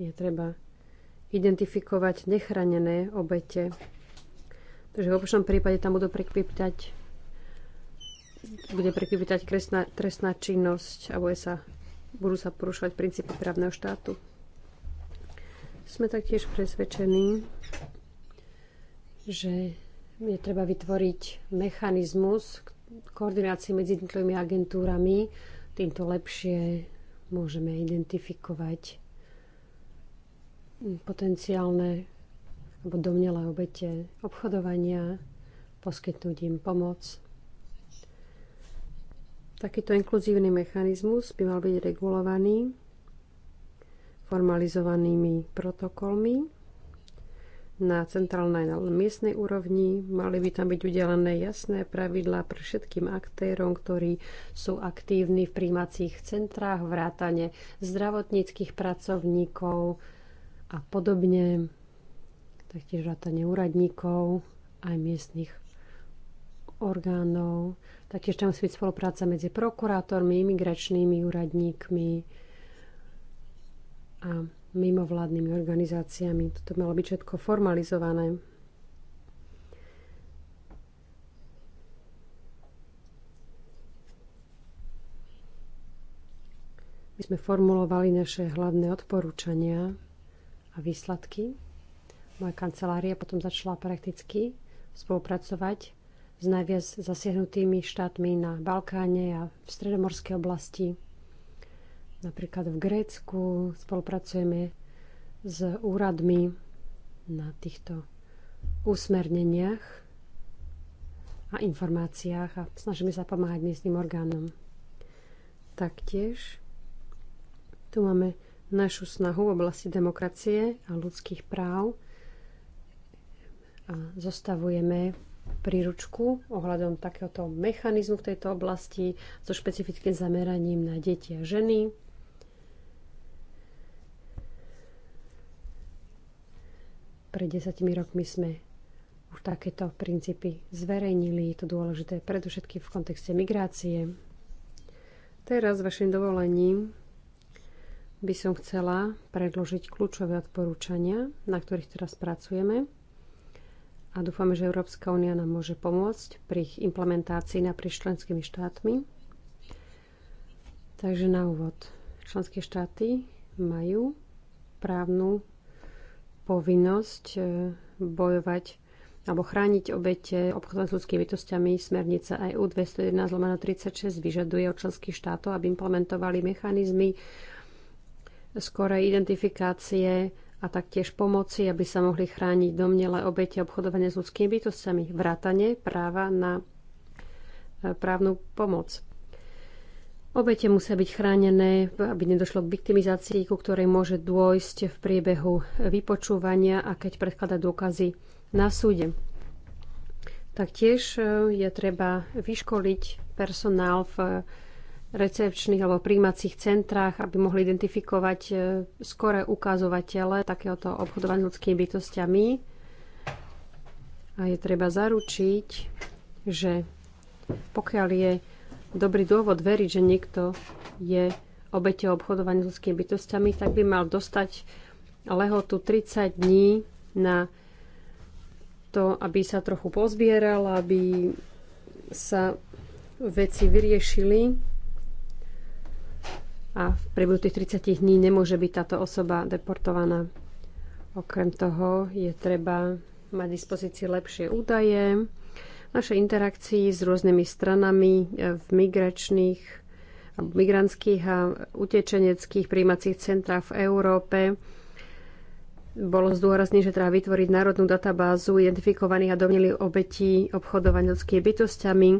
Je treba identifikovať nechránené obete. Takže v opačnom prípade tam budú prekviptať bude prekviptať trestná, trestná činnosť a bude sa, budú sa porušovať princípy právneho štátu. Sme taktiež presvedčení, že je treba vytvoriť mechanizmus koordinácie medzi jednotlivými agentúrami. Týmto lepšie môžeme identifikovať potenciálne alebo domnelé obete obchodovania, poskytnúť im pomoc. Takýto inkluzívny mechanizmus by mal byť regulovaný formalizovanými protokolmi na centrálnej na miestnej úrovni. Mali by tam byť udelené jasné pravidlá pre všetkým aktérom, ktorí sú aktívni v príjmacích centrách, vrátane zdravotníckých pracovníkov a podobne, taktiež vrátane úradníkov aj miestnych orgánov. Taktiež tam musí byť spolupráca medzi prokurátormi, imigračnými úradníkmi a mimovládnymi organizáciami. Toto malo byť všetko formalizované. My sme formulovali naše hlavné odporúčania a výsledky. Moja kancelária potom začala prakticky spolupracovať s najviac zasiahnutými štátmi na Balkáne a v stredomorskej oblasti. Napríklad v Grécku spolupracujeme s úradmi na týchto usmerneniach a informáciách a snažíme sa pomáhať miestnym orgánom. Taktiež tu máme našu snahu v oblasti demokracie a ľudských práv a zostavujeme príručku ohľadom takéhoto mechanizmu v tejto oblasti so špecifickým zameraním na deti a ženy. Pred desiatimi rokmi sme už takéto princípy zverejnili. Je to dôležité predovšetkým v kontexte migrácie. Teraz vašim dovolením by som chcela predložiť kľúčové odporúčania, na ktorých teraz pracujeme. A dúfame, že Európska únia nám môže pomôcť pri ich implementácii naprieč členskými štátmi. Takže na úvod. Členské štáty majú právnu povinnosť e, bojovať alebo chrániť obete obchodovať s ľudskými bytostiami smernica EU 211-36 vyžaduje od členských štátov, aby implementovali mechanizmy skorej identifikácie a taktiež pomoci, aby sa mohli chrániť domnele obete obchodovania s ľudskými bytostiami, vrátane práva na e, právnu pomoc. Obete musia byť chránené, aby nedošlo k viktimizácii, ku ktorej môže dôjsť v priebehu vypočúvania a keď predkladá dôkazy na súde. Taktiež e, je treba vyškoliť personál v recepčných alebo príjmacích centrách, aby mohli identifikovať e, skoré ukazovatele takéhoto obchodovania ľudskými bytostiami. A je treba zaručiť, že pokiaľ je dobrý dôvod veriť, že niekto je obete obchodovania s ľudskými bytostiami, tak by mal dostať lehotu 30 dní na to, aby sa trochu pozbieral, aby sa veci vyriešili a v priebehu tých 30 dní nemôže byť táto osoba deportovaná. Okrem toho je treba mať dispozícii lepšie údaje, našej interakcii s rôznymi stranami e, v migračných, migrantských a utečeneckých príjmacích centrách v Európe. Bolo zdôrazne, že treba vytvoriť národnú databázu identifikovaných a domnelých obetí obchodovania ľudskými bytostiami.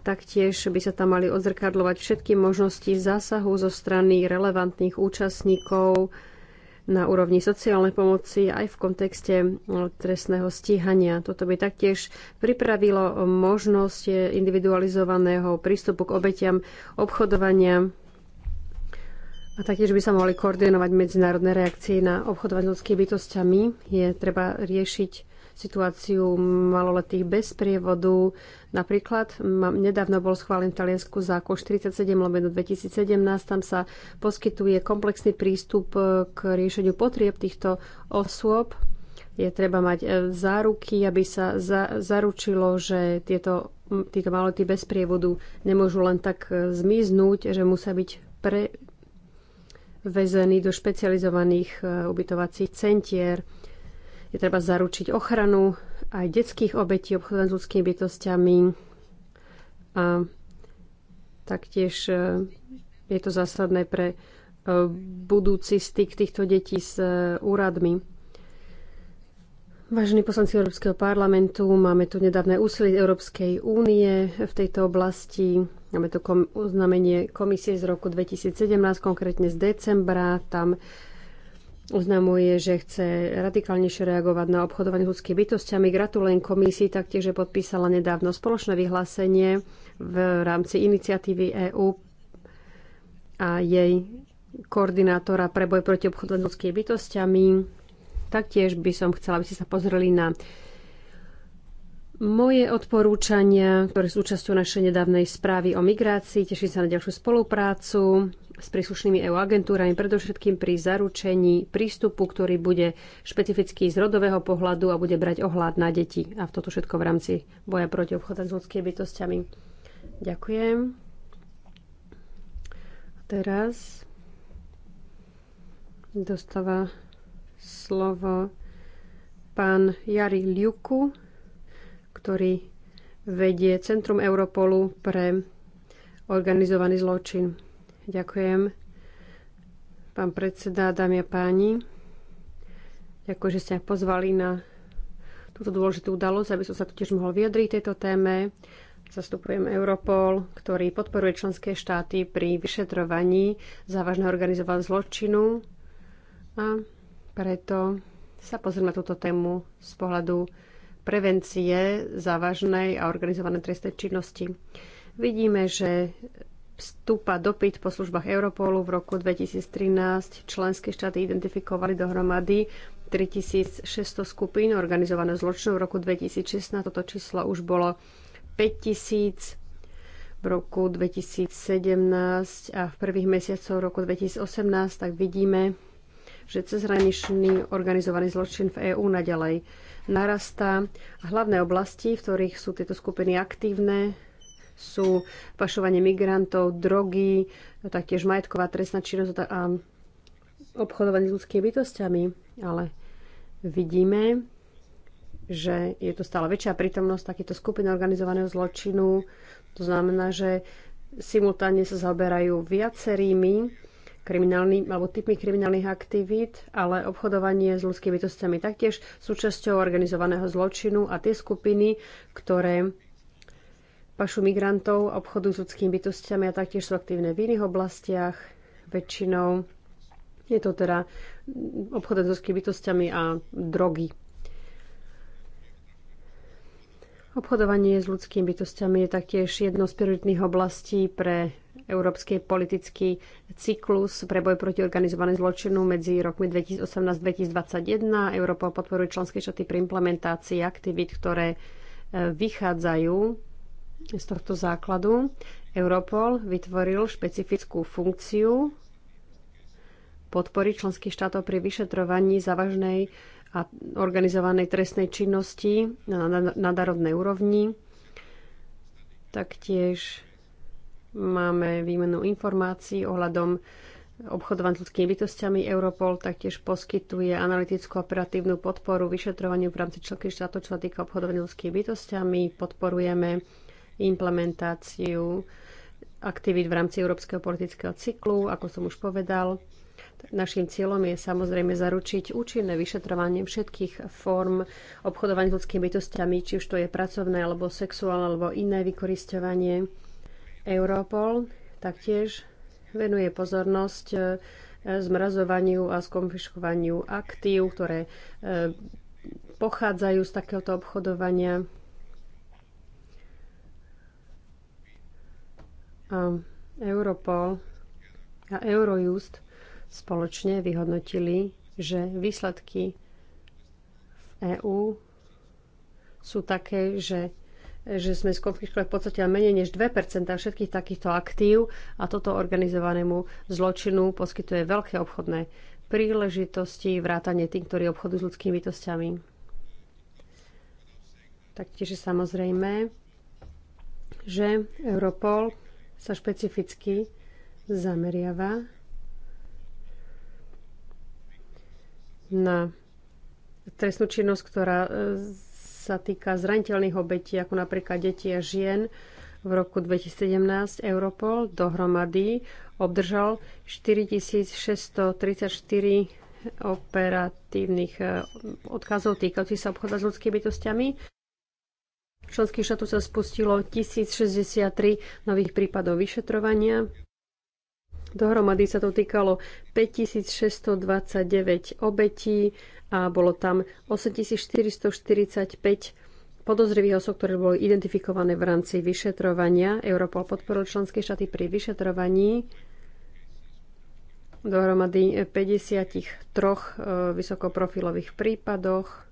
Taktiež by sa tam mali odzrkadlovať všetky možnosti zásahu zo strany relevantných účastníkov na úrovni sociálnej pomoci aj v kontexte eh, trestného stíhania. Toto by taktiež pripravilo možnosť eh, individualizovaného prístupu k obetiam obchodovania a taktiež by sa mohli koordinovať medzinárodné reakcie na obchodovanie s ľudskými bytostiami. Je treba riešiť situáciu maloletých bez prievodu. Napríklad nedávno bol schválen Taliansku zákon 47 lomeno 2017. Tam sa poskytuje komplexný prístup e, k riešeniu potrieb týchto osôb. Je treba mať e, záruky, aby sa za, zaručilo, že tieto, títo maloletí bez prievodu nemôžu len tak e, zmiznúť, že musia byť pre, vezení do špecializovaných ubytovacích centier. Je treba zaručiť ochranu aj detských obetí obchodovania s ľudskými bytostiami a taktiež e, je to zásadné pre e, budúci styk týchto detí s e, úradmi. Vážení poslanci Európskeho parlamentu, máme tu nedávne úsilie Európskej únie v tejto oblasti. Máme tu kom- uznamenie komisie z roku 2017, konkrétne z decembra. Tam Oznamuje, že chce radikálnejšie reagovať na obchodovanie s ľudskými bytostiami. Gratulujem komisii taktiež, že podpísala nedávno spoločné vyhlásenie v rámci iniciatívy EÚ a jej koordinátora pre boj proti obchodovaniu ľudskej ľudskými bytostiami. Taktiež by som chcela, aby ste sa pozreli na moje odporúčania, ktoré sú súčasťou našej nedávnej správy o migrácii. Teším sa na ďalšiu spoluprácu s príslušnými EU agentúrami, predovšetkým pri zaručení prístupu, ktorý bude špecifický z rodového pohľadu a bude brať ohľad na deti. A v toto všetko v rámci boja proti obchodu s ľudskými bytostiami. Ďakujem. A teraz dostáva slovo pán Jari Liuku, ktorý vedie Centrum Europolu pre organizovaný zločin. Ďakujem. Pán predseda, dámy a páni, ďakujem, že ste ma pozvali na túto dôležitú udalosť, aby som sa tu tiež mohol vyjadriť tejto téme. Zastupujem Europol, ktorý podporuje členské štáty pri vyšetrovaní závažného organizovaného zločinu a preto sa pozrieme na túto tému z pohľadu prevencie závažnej a organizovanej trestnej činnosti. Vidíme, že vstúpa dopyt po službách Europolu v roku 2013 členské štáty identifikovali dohromady 3600 skupín organizované zločinu v roku 2016. Toto číslo už bolo 5000 v roku 2017 a v prvých mesiacoch roku 2018, tak vidíme, že cezhraničný organizovaný zločin v EÚ naďalej narastá. Hlavné oblasti, v ktorých sú tieto skupiny aktívne, sú pašovanie migrantov, drogy, taktiež majetková trestná činnosť a obchodovanie s ľudskými bytostiami. Ale vidíme, že je to stále väčšia prítomnosť takýchto skupín organizovaného zločinu. To znamená, že simultánne sa zaoberajú viacerými kriminálny, alebo typmi kriminálnych aktivít, ale obchodovanie s ľudskými bytostiami taktiež súčasťou organizovaného zločinu a tie skupiny, ktoré pašu migrantov, obchodu s ľudskými bytostiami a taktiež sú aktívne v iných oblastiach. Väčšinou je to teda obchod s ľudskými bytostiami a drogy. Obchodovanie s ľudskými bytostiami je taktiež jedno z prioritných oblastí pre európsky politický cyklus pre boj proti organizovanému zločinu medzi rokmi 2018-2021. Európa podporuje členské štáty pri implementácii aktivít, ktoré e, vychádzajú z tohto základu Europol vytvoril špecifickú funkciu podpory členských štátov pri vyšetrovaní závažnej a organizovanej trestnej činnosti na nadarodnej úrovni. Taktiež máme výmenu informácií ohľadom obchodovať s ľudskými bytostiami. Europol taktiež poskytuje analytickú operatívnu podporu vyšetrovaniu v rámci členských štátov, čo sa týka obchodovania ľudskými bytostiami. Podporujeme implementáciu aktivít v rámci európskeho politického cyklu, ako som už povedal. Našim cieľom je samozrejme zaručiť účinné vyšetrovanie všetkých form obchodovania s ľudskými bytostiami, či už to je pracovné, alebo sexuálne, alebo iné vykoristovanie. Europol taktiež venuje pozornosť e, zmrazovaniu a skonfiškovaniu aktív, ktoré e, pochádzajú z takéhoto obchodovania. a Europol a Eurojust spoločne vyhodnotili, že výsledky v EÚ sú také, že, že sme skonfiškovali v podstate menej než 2 všetkých takýchto aktív a toto organizovanému zločinu poskytuje veľké obchodné príležitosti, vrátanie tým, ktorí obchodujú s ľudskými bytostiami. Taktiež samozrejme, že Europol sa špecificky zameriava na trestnú činnosť, ktorá e, sa týka zraniteľných obetí, ako napríklad detí a žien. V roku 2017 Europol dohromady obdržal 4634 operatívnych e, odkazov týkajúcich sa obchoda s ľudskými bytostiami. V členských štátu sa spustilo 1063 nových prípadov vyšetrovania. Dohromady sa to týkalo 5629 obetí a bolo tam 8445 podozrivých osob, ktoré boli identifikované v rámci vyšetrovania. Europol podporil členské štáty pri vyšetrovaní dohromady 53 e, vysokoprofilových prípadoch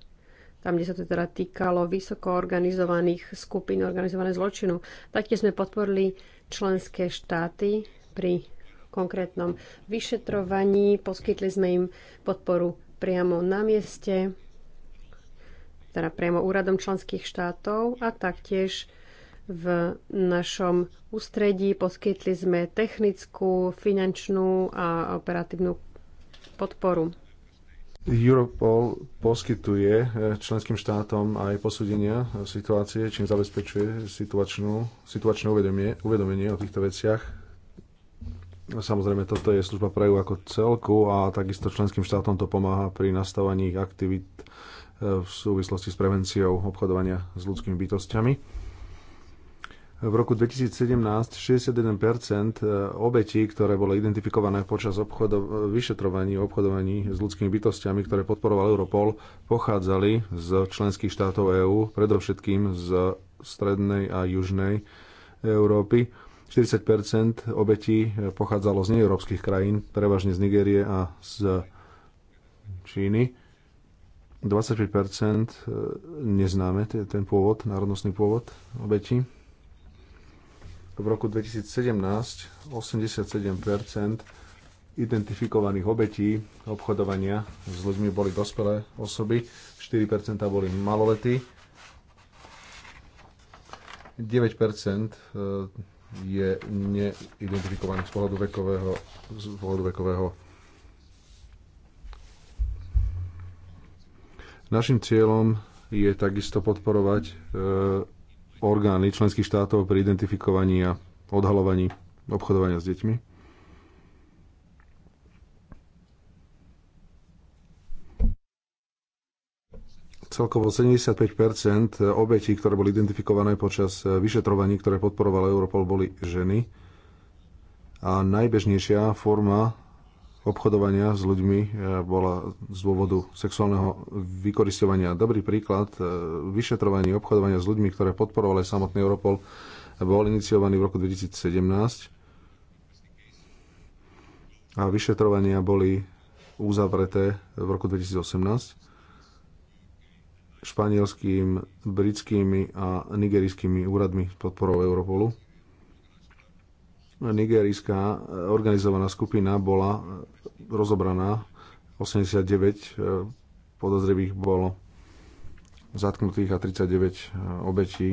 tam, kde sa to teda týkalo vysoko organizovaných skupín organizované zločinu. Taktiež sme podporili členské štáty pri konkrétnom vyšetrovaní. Poskytli sme im podporu priamo na mieste, teda priamo úradom členských štátov a taktiež v našom ústredí. Poskytli sme technickú, finančnú a operatívnu podporu. Europol poskytuje eh, členským štátom aj posúdenia eh, situácie, čím zabezpečuje situačnú, situačné uvedomie, uvedomenie o týchto veciach. Samozrejme, toto je služba pre EU ako celku a takisto členským štátom to pomáha pri nastavovaní aktivít eh, v súvislosti s prevenciou obchodovania s ľudskými bytostiami v roku 2017 61% e, obetí, ktoré boli identifikované počas obchodo- vyšetrovaní, obchodovaní s ľudskými bytostiami, ktoré podporoval Europol, pochádzali z členských štátov EÚ, predovšetkým z strednej a južnej Európy. 40 obetí e, pochádzalo z neeurópskych krajín, prevažne z Nigérie a z Číny. 25 e, neznáme ten pôvod, národnostný pôvod obetí v roku 2017 87% identifikovaných obetí obchodovania s ľuďmi boli dospelé osoby, 4% boli maloletí, 9% e, je neidentifikovaných z pohľadu vekového, z pohľadu vekového. Našim cieľom je takisto podporovať e, orgány členských štátov pri identifikovaní a odhalovaní obchodovania s deťmi? Celkovo 75 obetí, ktoré boli identifikované počas vyšetrovaní, ktoré podporovala Europol, boli ženy. A najbežnejšia forma obchodovania s ľuďmi e, bola z dôvodu sexuálneho vykoristovania. Dobrý príklad e, vyšetrovanie obchodovania s ľuďmi, ktoré podporovali samotný Europol, bol iniciovaný v roku 2017 a vyšetrovania boli uzavreté v roku 2018 španielským, britskými a nigerijskými úradmi podporou Europolu nigerijská organizovaná skupina bola rozobraná. 89 e, podozrivých bolo zatknutých a 39 e, obetí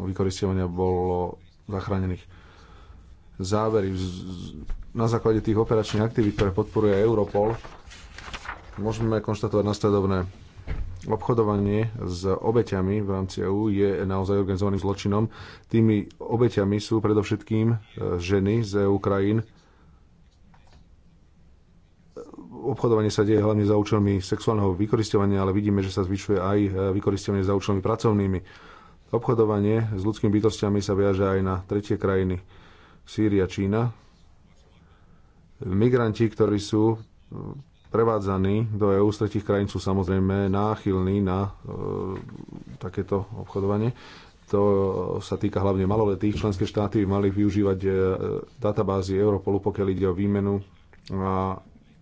vykoristovania bolo zachránených. Závery na základe tých operačných aktivít, ktoré podporuje Europol, môžeme konštatovať nasledovné. Obchodovanie s obeťami v rámci EÚ je naozaj organizovaným zločinom. Tými obeťami sú predovšetkým e, ženy z EU krajín, obchodovanie sa deje hlavne za účelmi sexuálneho vykoristovania, ale vidíme, že sa zvyšuje aj e, vykoristovanie za účelmi pracovnými. Obchodovanie s ľudskými bytostiami sa viaže aj na tretie krajiny Sýria, Čína. Migranti, ktorí sú e, prevádzaní do EU z tretich krajín, sú samozrejme náchylní na e, takéto obchodovanie. To sa týka hlavne maloletých. Členské štáty by mali využívať e, databázy Europolu, pokiaľ ide o výmenu a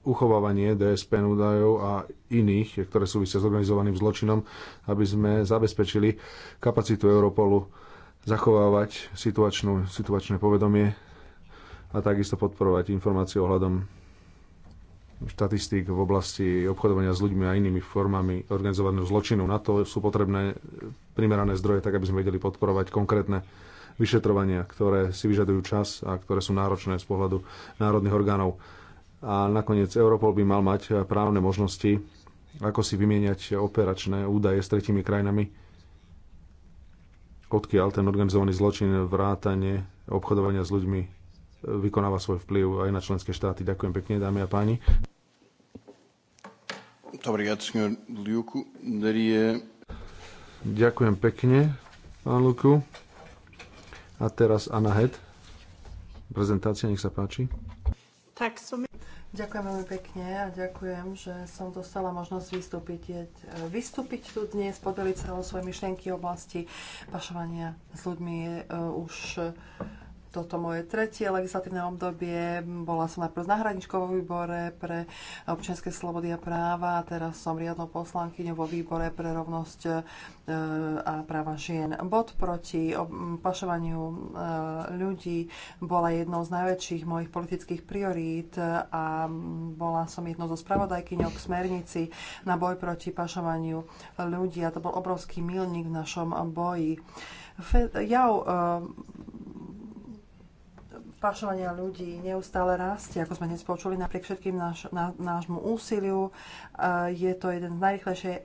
uchovávanie DSP údajov a iných, ktoré súvisia s organizovaným zločinom, aby sme zabezpečili kapacitu Europolu zachovávať situačnú, situačné povedomie a takisto podporovať informácie ohľadom štatistík v oblasti obchodovania s ľuďmi a inými formami organizovaného zločinu. Na to sú potrebné primerané zdroje, tak aby sme vedeli podporovať konkrétne vyšetrovania, ktoré si vyžadujú čas a ktoré sú náročné z pohľadu národných orgánov a nakoniec Europol by mal mať právne možnosti, ako si vymieňať operačné údaje s tretimi krajinami, odkiaľ ten organizovaný zločin, vrátanie, obchodovania s ľuďmi e, vykonáva svoj vplyv aj na členské štáty. Ďakujem pekne, dámy a páni. Ďakujem pekne, pán Luku. A teraz Anna Head. Prezentácia, nech sa páči. Tak som... Ďakujem veľmi pekne a ďakujem, že som dostala možnosť vystúpiť, eh, vystúpiť tu dnes, podeliť sa o svoje myšlienky oblasti pašovania s ľuďmi je eh, už toto moje tretie legislatívne obdobie. Bola som najprv na hraničkovom výbore pre občianske slobody a práva a teraz som riadnou poslankyňou vo výbore pre rovnosť e, a práva žien. Bod proti pašovaniu e, ľudí bola jednou z najväčších mojich politických priorít a bola som jednou zo spravodajkyňov k smernici na boj proti pašovaniu ľudí a to bol obrovský milník v našom boji. Ja e, pašovania ľudí neustále rastie, ako sme dnes počuli, napriek všetkým náš, ná, nášmu úsiliu. E, je to jeden z najrychlejšie e,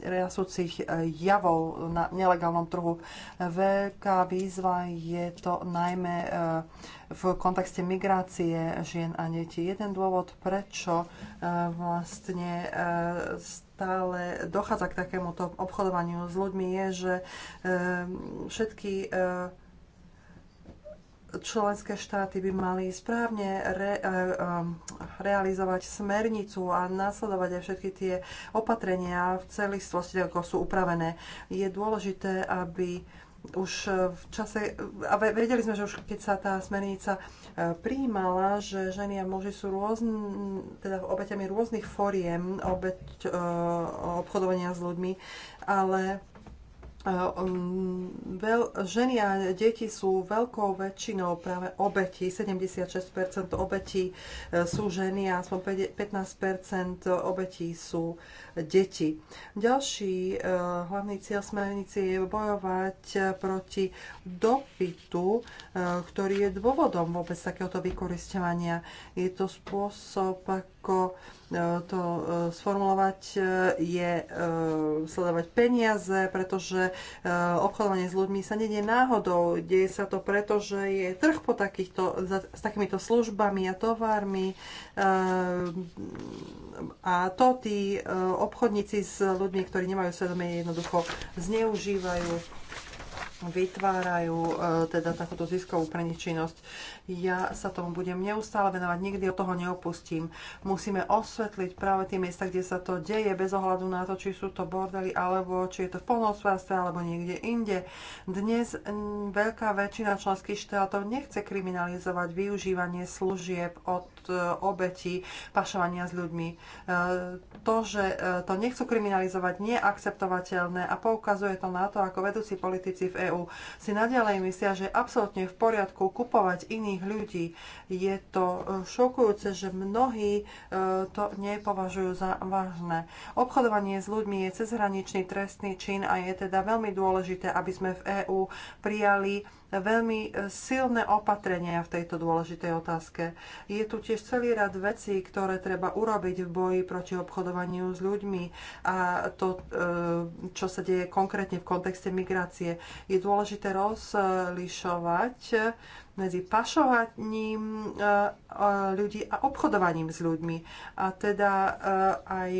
rastúcich e, javov na nelegálnom trhu. Veľká výzva je to najmä v kontexte migrácie žien a detí. Jeden dôvod, prečo vlastne stále dochádza k takémuto obchodovaniu s ľuďmi, je, že všetky členské štáty by mali správne re, e, e, realizovať smernicu a nasledovať aj všetky tie opatrenia v celistvosti, ako sú upravené. Je dôležité, aby už v čase, a vedeli sme, že už keď sa tá smernica e, príjmala, že ženy a muži sú rôzn, teda obeťami rôznych foriem obeť, obchodovania s ľuďmi, ale E, um, ženy a deti sú veľkou väčšinou práve obeti. 76% obetí e, sú ženy a aspoň 15% obetí sú deti. Ďalší e, hlavný cieľ smernice je bojovať proti dopytu, ktorý je dôvodom vôbec takéhoto vykoristovania. Je to spôsob, ako E, to e, sformulovať, e, je sledovať peniaze, pretože obchodovanie s ľuďmi sa nedie náhodou. Deje sa to preto, že je trh po takýchto, s takýmito službami a tovármi a to tí obchodníci s ľuďmi, ktorí nemajú svedomie, jednoducho zneužívajú vytvárajú teda takúto ziskovú preničinnosť. Ja sa tomu budem neustále venovať, nikdy od toho neopustím. Musíme osvetliť práve tie miesta, kde sa to deje, bez ohľadu na to, či sú to bordely, alebo či je to v polnohospodárstve, alebo niekde inde. Dnes veľká väčšina členských štátov nechce kriminalizovať využívanie služieb od e, obetí pašovania s ľuďmi. E, to, že e, to nechcú kriminalizovať, nie je akceptovateľné a poukazuje to na to, ako vedúci politici v EÚ si nadalej myslia, že je absolútne v poriadku kupovať iných bežných ľudí. Je to e, šokujúce, že mnohí e, to nepovažujú za vážne. Obchodovanie s ľuďmi je cezhraničný trestný čin a je teda veľmi dôležité, aby sme v EÚ prijali veľmi e, silné opatrenia v tejto dôležitej otázke. Je tu tiež celý rad vecí, ktoré treba urobiť v boji proti obchodovaniu s ľuďmi a to, e, čo sa deje konkrétne v kontexte migrácie. Je dôležité rozlišovať medzi pašovaním e, ľudí a obchodovaním s ľuďmi. A teda aj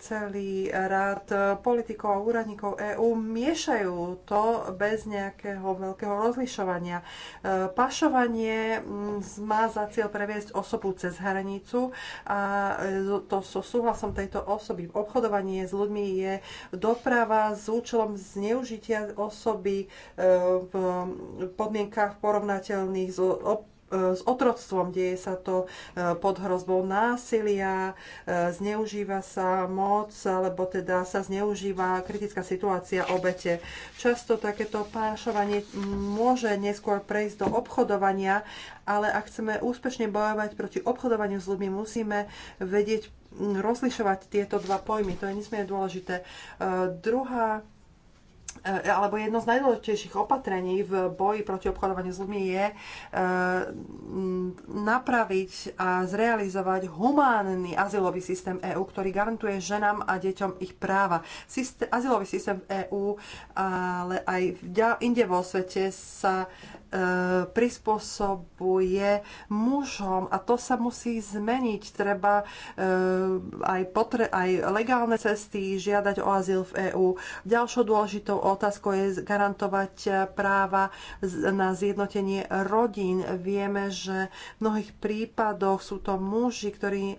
celý rád politikov a úradníkov EÚ miešajú to bez nejakého veľkého rozlišovania. E, pašovanie mm, má za cieľ previesť osobu cez hranicu a e, to so súhlasom tejto osoby. Obchodovanie s ľuďmi je doprava s účelom zneužitia osoby e, v podmienkach porovnateľných s E, s otroctvom, deje sa to e, pod hrozbou násilia, e, zneužíva sa moc, alebo teda sa zneužíva kritická situácia obete. Často takéto pášovanie môže neskôr prejsť do obchodovania, ale ak chceme úspešne bojovať proti obchodovaniu s ľuďmi, musíme vedieť rozlišovať tieto dva pojmy. To je nesmierne dôležité. Druhá E, alebo jedno z najdôležitejších opatrení v boji proti obchodovaniu s ľuďmi je e, napraviť a zrealizovať humánny azylový systém EÚ, ktorý garantuje ženám a deťom ich práva. azylový systém v e EÚ, ale aj inde vo svete sa E, prispôsobuje mužom a to sa musí zmeniť. Treba e, aj, potre- aj legálne cesty žiadať o azyl v EÚ. Ďalšou dôležitou otázkou je garantovať práva na zjednotenie rodín. Vieme, že v mnohých prípadoch sú to muži, ktorí e,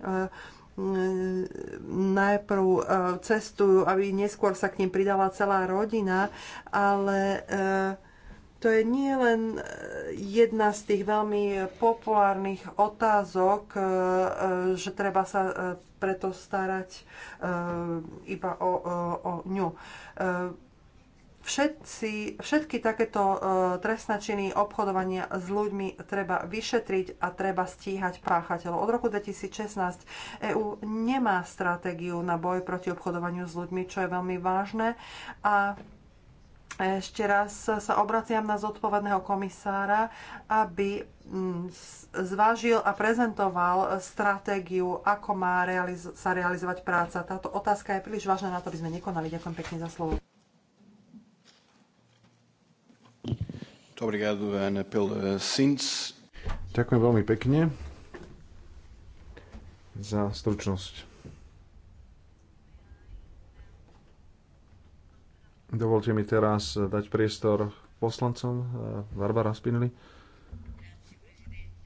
najprv cestujú, aby neskôr sa k ním pridala celá rodina, ale to je nie len e, jedna z tých veľmi populárnych otázok, e, e, že treba sa preto starať iba o, o, o ňu. Všetci, všetky takéto trestné činy obchodovania s ľuďmi treba vyšetriť a treba stíhať páchateľov. Od roku 2016 EÚ nemá stratégiu na boj proti obchodovaniu s ľuďmi, čo je veľmi vážne a a ešte raz sa obraciam na zodpovedného komisára, aby mm, zvážil a prezentoval stratégiu, ako má realiz sa realizovať práca. Táto otázka je príliš vážna na to, aby sme nekonali. Ďakujem pekne za slovo. Eh, Ďakujem veľmi pekne za stručnosť. Dovolte mi teraz dať priestor poslancom eh, Barbara Spinelli.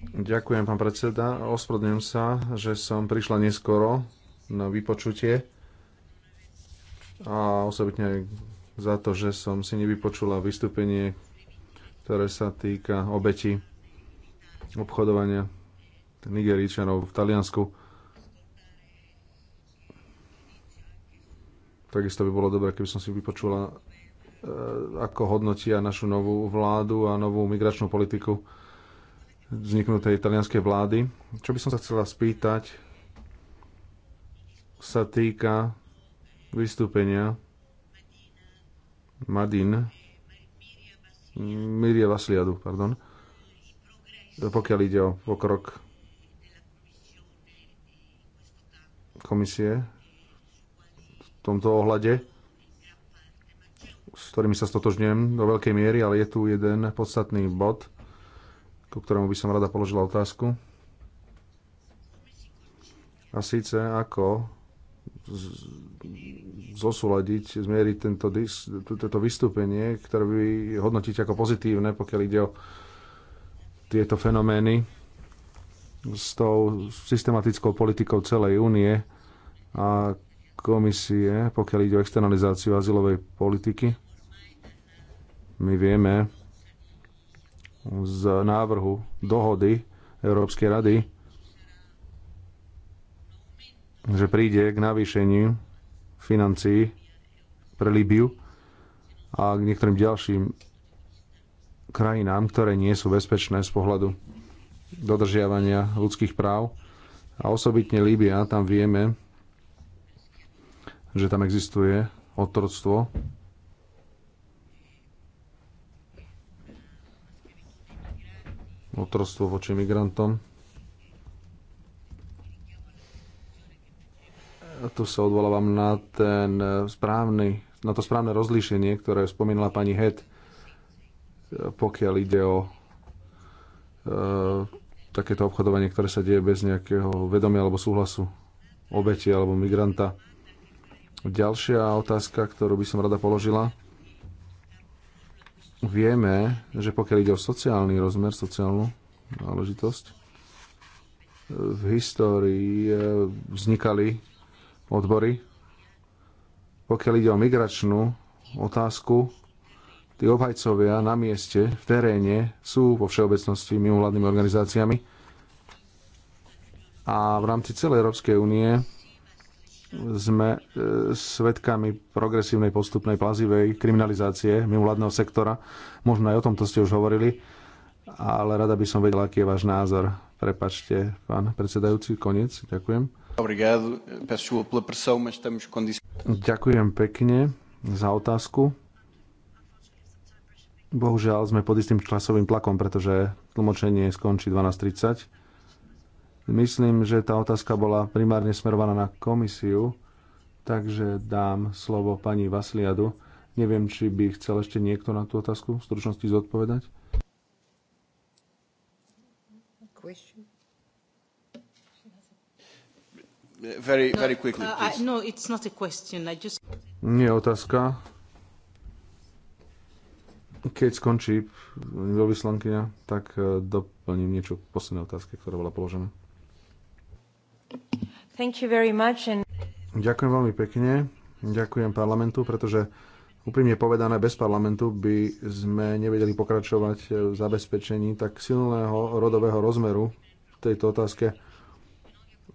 Ďakujem, pán predseda. Ospravedlňujem sa, že som prišla neskoro na vypočutie a osobitne za to, že som si nevypočula vystúpenie, ktoré sa týka obeti obchodovania Nigeričanov v Taliansku. Takisto by bolo dobré, keby som si vypočula, e, ako hodnotia našu novú vládu a novú migračnú politiku vzniknutej italianskej vlády. Čo by som sa chcela spýtať, sa týka vystúpenia Madin, Miria Vasliadu, pardon, pokiaľ ide o pokrok komisie tomto ohľade, s ktorými sa stotožňujem do veľkej miery, ale je tu jeden podstatný bod, ku ktorému by som rada položila otázku. A síce ako zosúľadiť, zmieriť tento dis, toto vystúpenie, ktoré by hodnotiť ako pozitívne, pokiaľ ide o tieto fenomény s tou systematickou politikou celej únie a komisie, pokiaľ ide o externalizáciu azylovej politiky. My vieme z návrhu dohody Európskej rady, že príde k navýšeniu financií pre Líbiu a k niektorým ďalším krajinám, ktoré nie sú bezpečné z pohľadu dodržiavania ľudských práv. A osobitne Líbia, tam vieme, že tam existuje otroctvo. Otroctvo voči migrantom. A tu sa odvolávam na, ten správny, na to správne rozlíšenie, ktoré spomínala pani Het, pokiaľ ide o e, takéto obchodovanie, ktoré sa deje bez nejakého vedomia alebo súhlasu obeti alebo migranta. Ďalšia otázka, ktorú by som rada položila. Vieme, že pokiaľ ide o sociálny rozmer, sociálnu náležitosť, v histórii eh, vznikali odbory. Pokiaľ ide o migračnú otázku, tí obhajcovia na mieste, v teréne sú vo všeobecnosti mimovládnymi organizáciami a v rámci celej Európskej únie sme e, svetkami progresívnej postupnej plazivej kriminalizácie mimovládneho sektora. Možno aj o tomto ste už hovorili, ale rada by som vedela, aký je váš názor. Prepačte, pán predsedajúci, koniec. Ďakujem. Ďakujem pekne za otázku. Bohužiaľ sme pod istým časovým tlakom, pretože tlmočenie skončí 12.30. Myslím, že tá otázka bola primárne smerovaná na komisiu, takže dám slovo pani Vasliadu. Neviem, či by chcel ešte niekto na tú otázku v stručnosti zodpovedať. Very, no, very quickly, no, no, just... Nie otázka. Keď skončí vyslankyňa, tak eh, doplním niečo k poslednej otázke, ktorá bola položená. Ďakujem veľmi pekne. Ďakujem parlamentu, pretože úprimne povedané, bez parlamentu by sme nevedeli pokračovať v zabezpečení tak silného rodového rozmeru v tejto otázke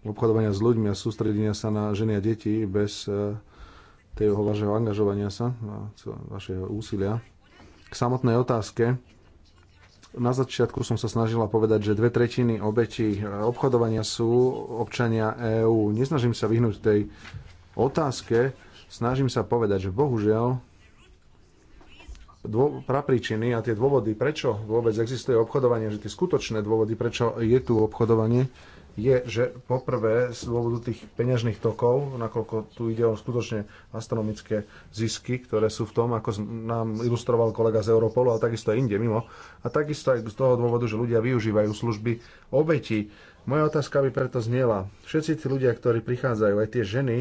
obchodovania s ľuďmi a sústredenia sa na ženy a deti bez eh, tejho vašeho angažovania sa a vašeho úsilia. K samotnej otázke na začiatku som sa snažila povedať, že dve tretiny obetí obchodovania sú občania EÚ. Nesnažím sa vyhnúť tej otázke, snažím sa povedať, že bohužiaľ dô, prapríčiny a tie dôvody, prečo vôbec existuje obchodovanie, že tie skutočné dôvody, prečo je tu obchodovanie, je, že poprvé z dôvodu tých peňažných tokov, nakoľko tu ide o skutočne astronomické zisky, ktoré sú v tom, ako nám ilustroval kolega z Europolu, ale takisto aj inde mimo, a takisto aj z toho dôvodu, že ľudia využívajú služby obetí. Moja otázka by preto zniela. Všetci tí ľudia, ktorí prichádzajú, aj tie ženy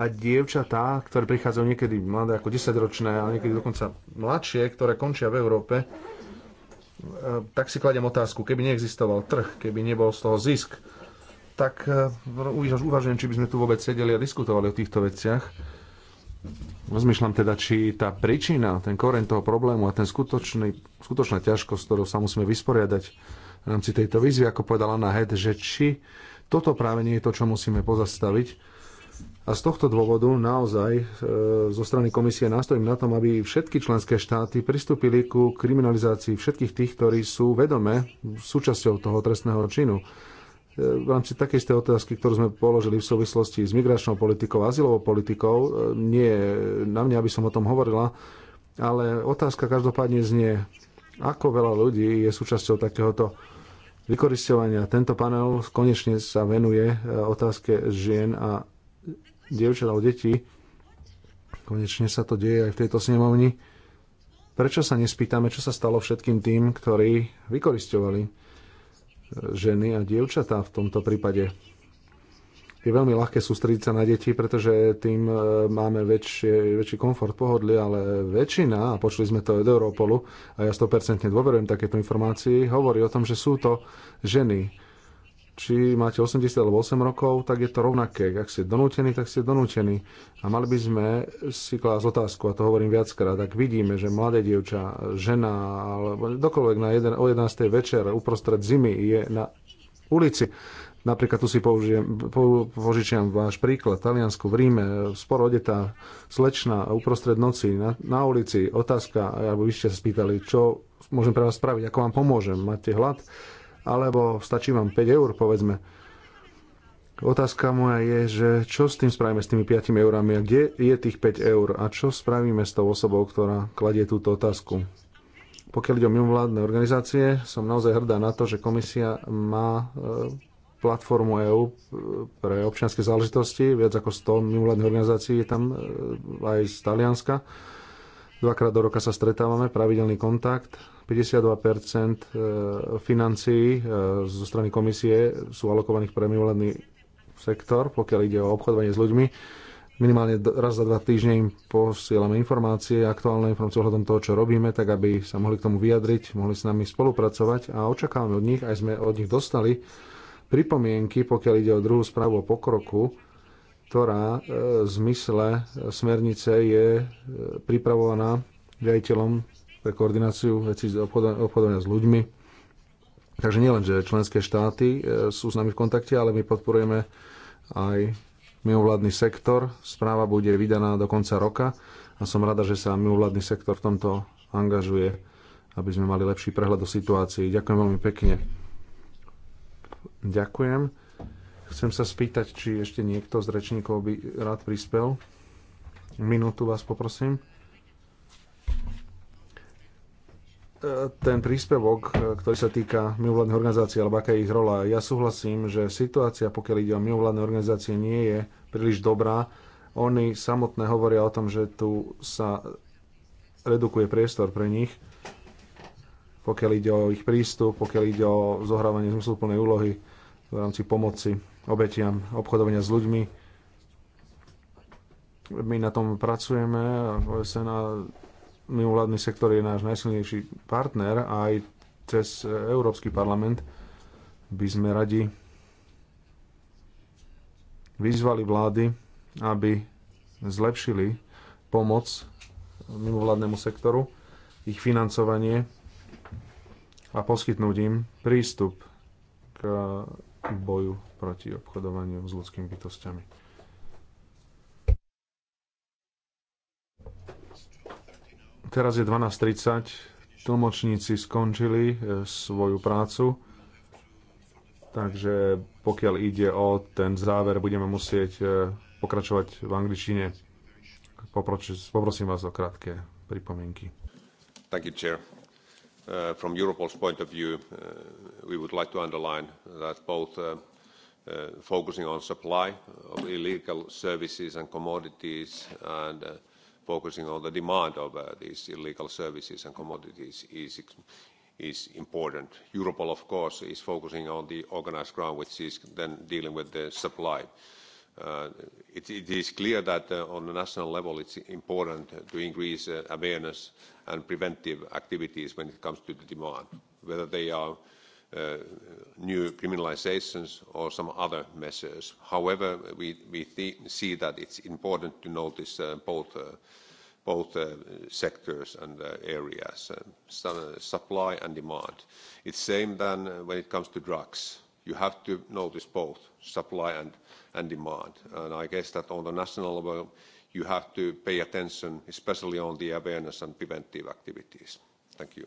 a dievčatá, ktoré prichádzajú niekedy mladé ako 10-ročné, ale niekedy dokonca mladšie, ktoré končia v Európe, E, tak si kladem otázku, keby neexistoval trh, keby nebol z toho zisk, tak e, uvažujem, či by sme tu vôbec sedeli a diskutovali o týchto veciach. Rozmýšľam teda, či tá príčina, ten koreň toho problému a ten skutočný, skutočná ťažkosť, ktorou sa musíme vysporiadať v rámci tejto výzvy, ako povedala na Head, že či toto práve nie je to, čo musíme pozastaviť, a z tohto dôvodu naozaj e, zo strany komisie nástojím na tom, aby všetky členské štáty pristúpili ku kriminalizácii všetkých tých, ktorí sú vedome súčasťou toho trestného činu. E, v rámci takej istej otázky, ktorú sme položili v súvislosti s migračnou politikou, azylovou politikou, e, nie na mňa, aby som o tom hovorila, ale otázka každopádne znie, ako veľa ľudí je súčasťou takéhoto vykoristovania. Tento panel konečne sa venuje e, otázke žien a dievčat alebo detí. Konečne sa to deje aj v tejto snemovni. Prečo sa nespýtame, čo sa stalo všetkým tým, ktorí vykoristovali e, ženy a dievčatá v tomto prípade? Je veľmi ľahké sústrediť sa na deti, pretože tým e, máme väčšie, väčší komfort, pohodlie, ale väčšina, a počuli sme to od Europolu, a ja 100% dôverujem takéto informácii, hovorí o tom, že sú to ženy, či máte 80 alebo 8 rokov, tak je to rovnaké. Ak ste donútení, tak ste donútení. A mali by sme si klásť otázku, a to hovorím viackrát, ak vidíme, že mladé dievča, žena, alebo dokoľvek na jeden, o 11. večer uprostred zimy je na ulici, Napríklad tu si použijem, požičiam váš príklad. Taliansku v Ríme, sporo odetá slečna uprostred noci na, na ulici, otázka, alebo vy ste spýtali, čo môžem pre vás spraviť, ako vám pomôžem, máte hlad alebo stačí vám 5 eur, povedzme. Otázka moja je, že čo s tým spravíme s tými 5 eurami a kde je tých 5 eur a čo spravíme s tou osobou, ktorá kladie túto otázku. Pokiaľ ide o mimovládne organizácie, som naozaj hrdá na to, že komisia má e, platformu EU e, pre občianske záležitosti, viac ako 100 mimovládnych organizácií je tam e, aj z Talianska. Dvakrát do roka sa stretávame, pravidelný kontakt 52% e, financií e, zo strany komisie sú alokovaných pre mimovládny sektor, pokiaľ ide o obchodovanie s ľuďmi. Minimálne raz za dva týždne im posielame informácie, aktuálne informácie ohľadom toho, čo robíme, tak aby sa mohli k tomu vyjadriť, mohli s nami spolupracovať a očakávame od nich, aj sme od nich dostali pripomienky, pokiaľ ide o druhú správu o pokroku, ktorá e, v zmysle smernice je pripravovaná riaditeľom pre koordináciu vecí obchodovania s ľuďmi. Takže nielen, že členské štáty e, sú s nami v kontakte, ale my podporujeme aj mimovládny sektor. Správa bude vydaná do konca roka a som rada, že sa mimovládny sektor v tomto angažuje, aby sme mali lepší prehľad o situácii. Ďakujem veľmi pekne. Ďakujem. Chcem sa spýtať, či ešte niekto z rečníkov by rád prispel. Minútu vás poprosím. ten príspevok, e, ktorý sa týka mimovládnych organizácií alebo aká je ich rola. Ja súhlasím, že situácia, pokiaľ ide o mimovládne organizácie, nie je príliš dobrá. Oni samotné hovoria o tom, že tu sa redukuje priestor pre nich, pokiaľ ide o ich prístup, pokiaľ ide o zohrávanie zmysluplnej úlohy v rámci pomoci obetiam obchodovania s ľuďmi. My na tom pracujeme, OSN a mimovládny sektor je náš najsilnejší partner a aj cez Európsky parlament by sme radi vyzvali vlády, aby zlepšili pomoc mimovládnemu sektoru, ich financovanie a poskytnúť im prístup k boju proti obchodovaniu s ľudskými bytostiami. Teraz je 12.30, tlmočníci skončili e, svoju prácu, takže pokiaľ ide o ten záver, budeme musieť e, pokračovať v angličtine. Poprosím vás o krátke pripomienky. Thank you, Chair. Uh, from Europol's point of view, uh, we would like to underline that both uh, uh, focusing on supply of illegal services and commodities and uh, focusing on the demand of uh, these illegal services and commodities is, is important. Europol, of course, is focusing on the organized crime, which is then dealing with the supply. Uh, it, it is clear that uh, on the national level it's important to increase uh, awareness and preventive activities when it comes to the demand, whether they are uh, uh, new criminalizations or some other measures. However, we, we th see that it's important to notice uh, both, uh, both uh, sectors and uh, areas, uh, supply and demand. It's same than uh, when it comes to drugs. You have to notice both supply and, and demand. And I guess that on the national level, you have to pay attention, especially on the awareness and preventive activities. Thank you.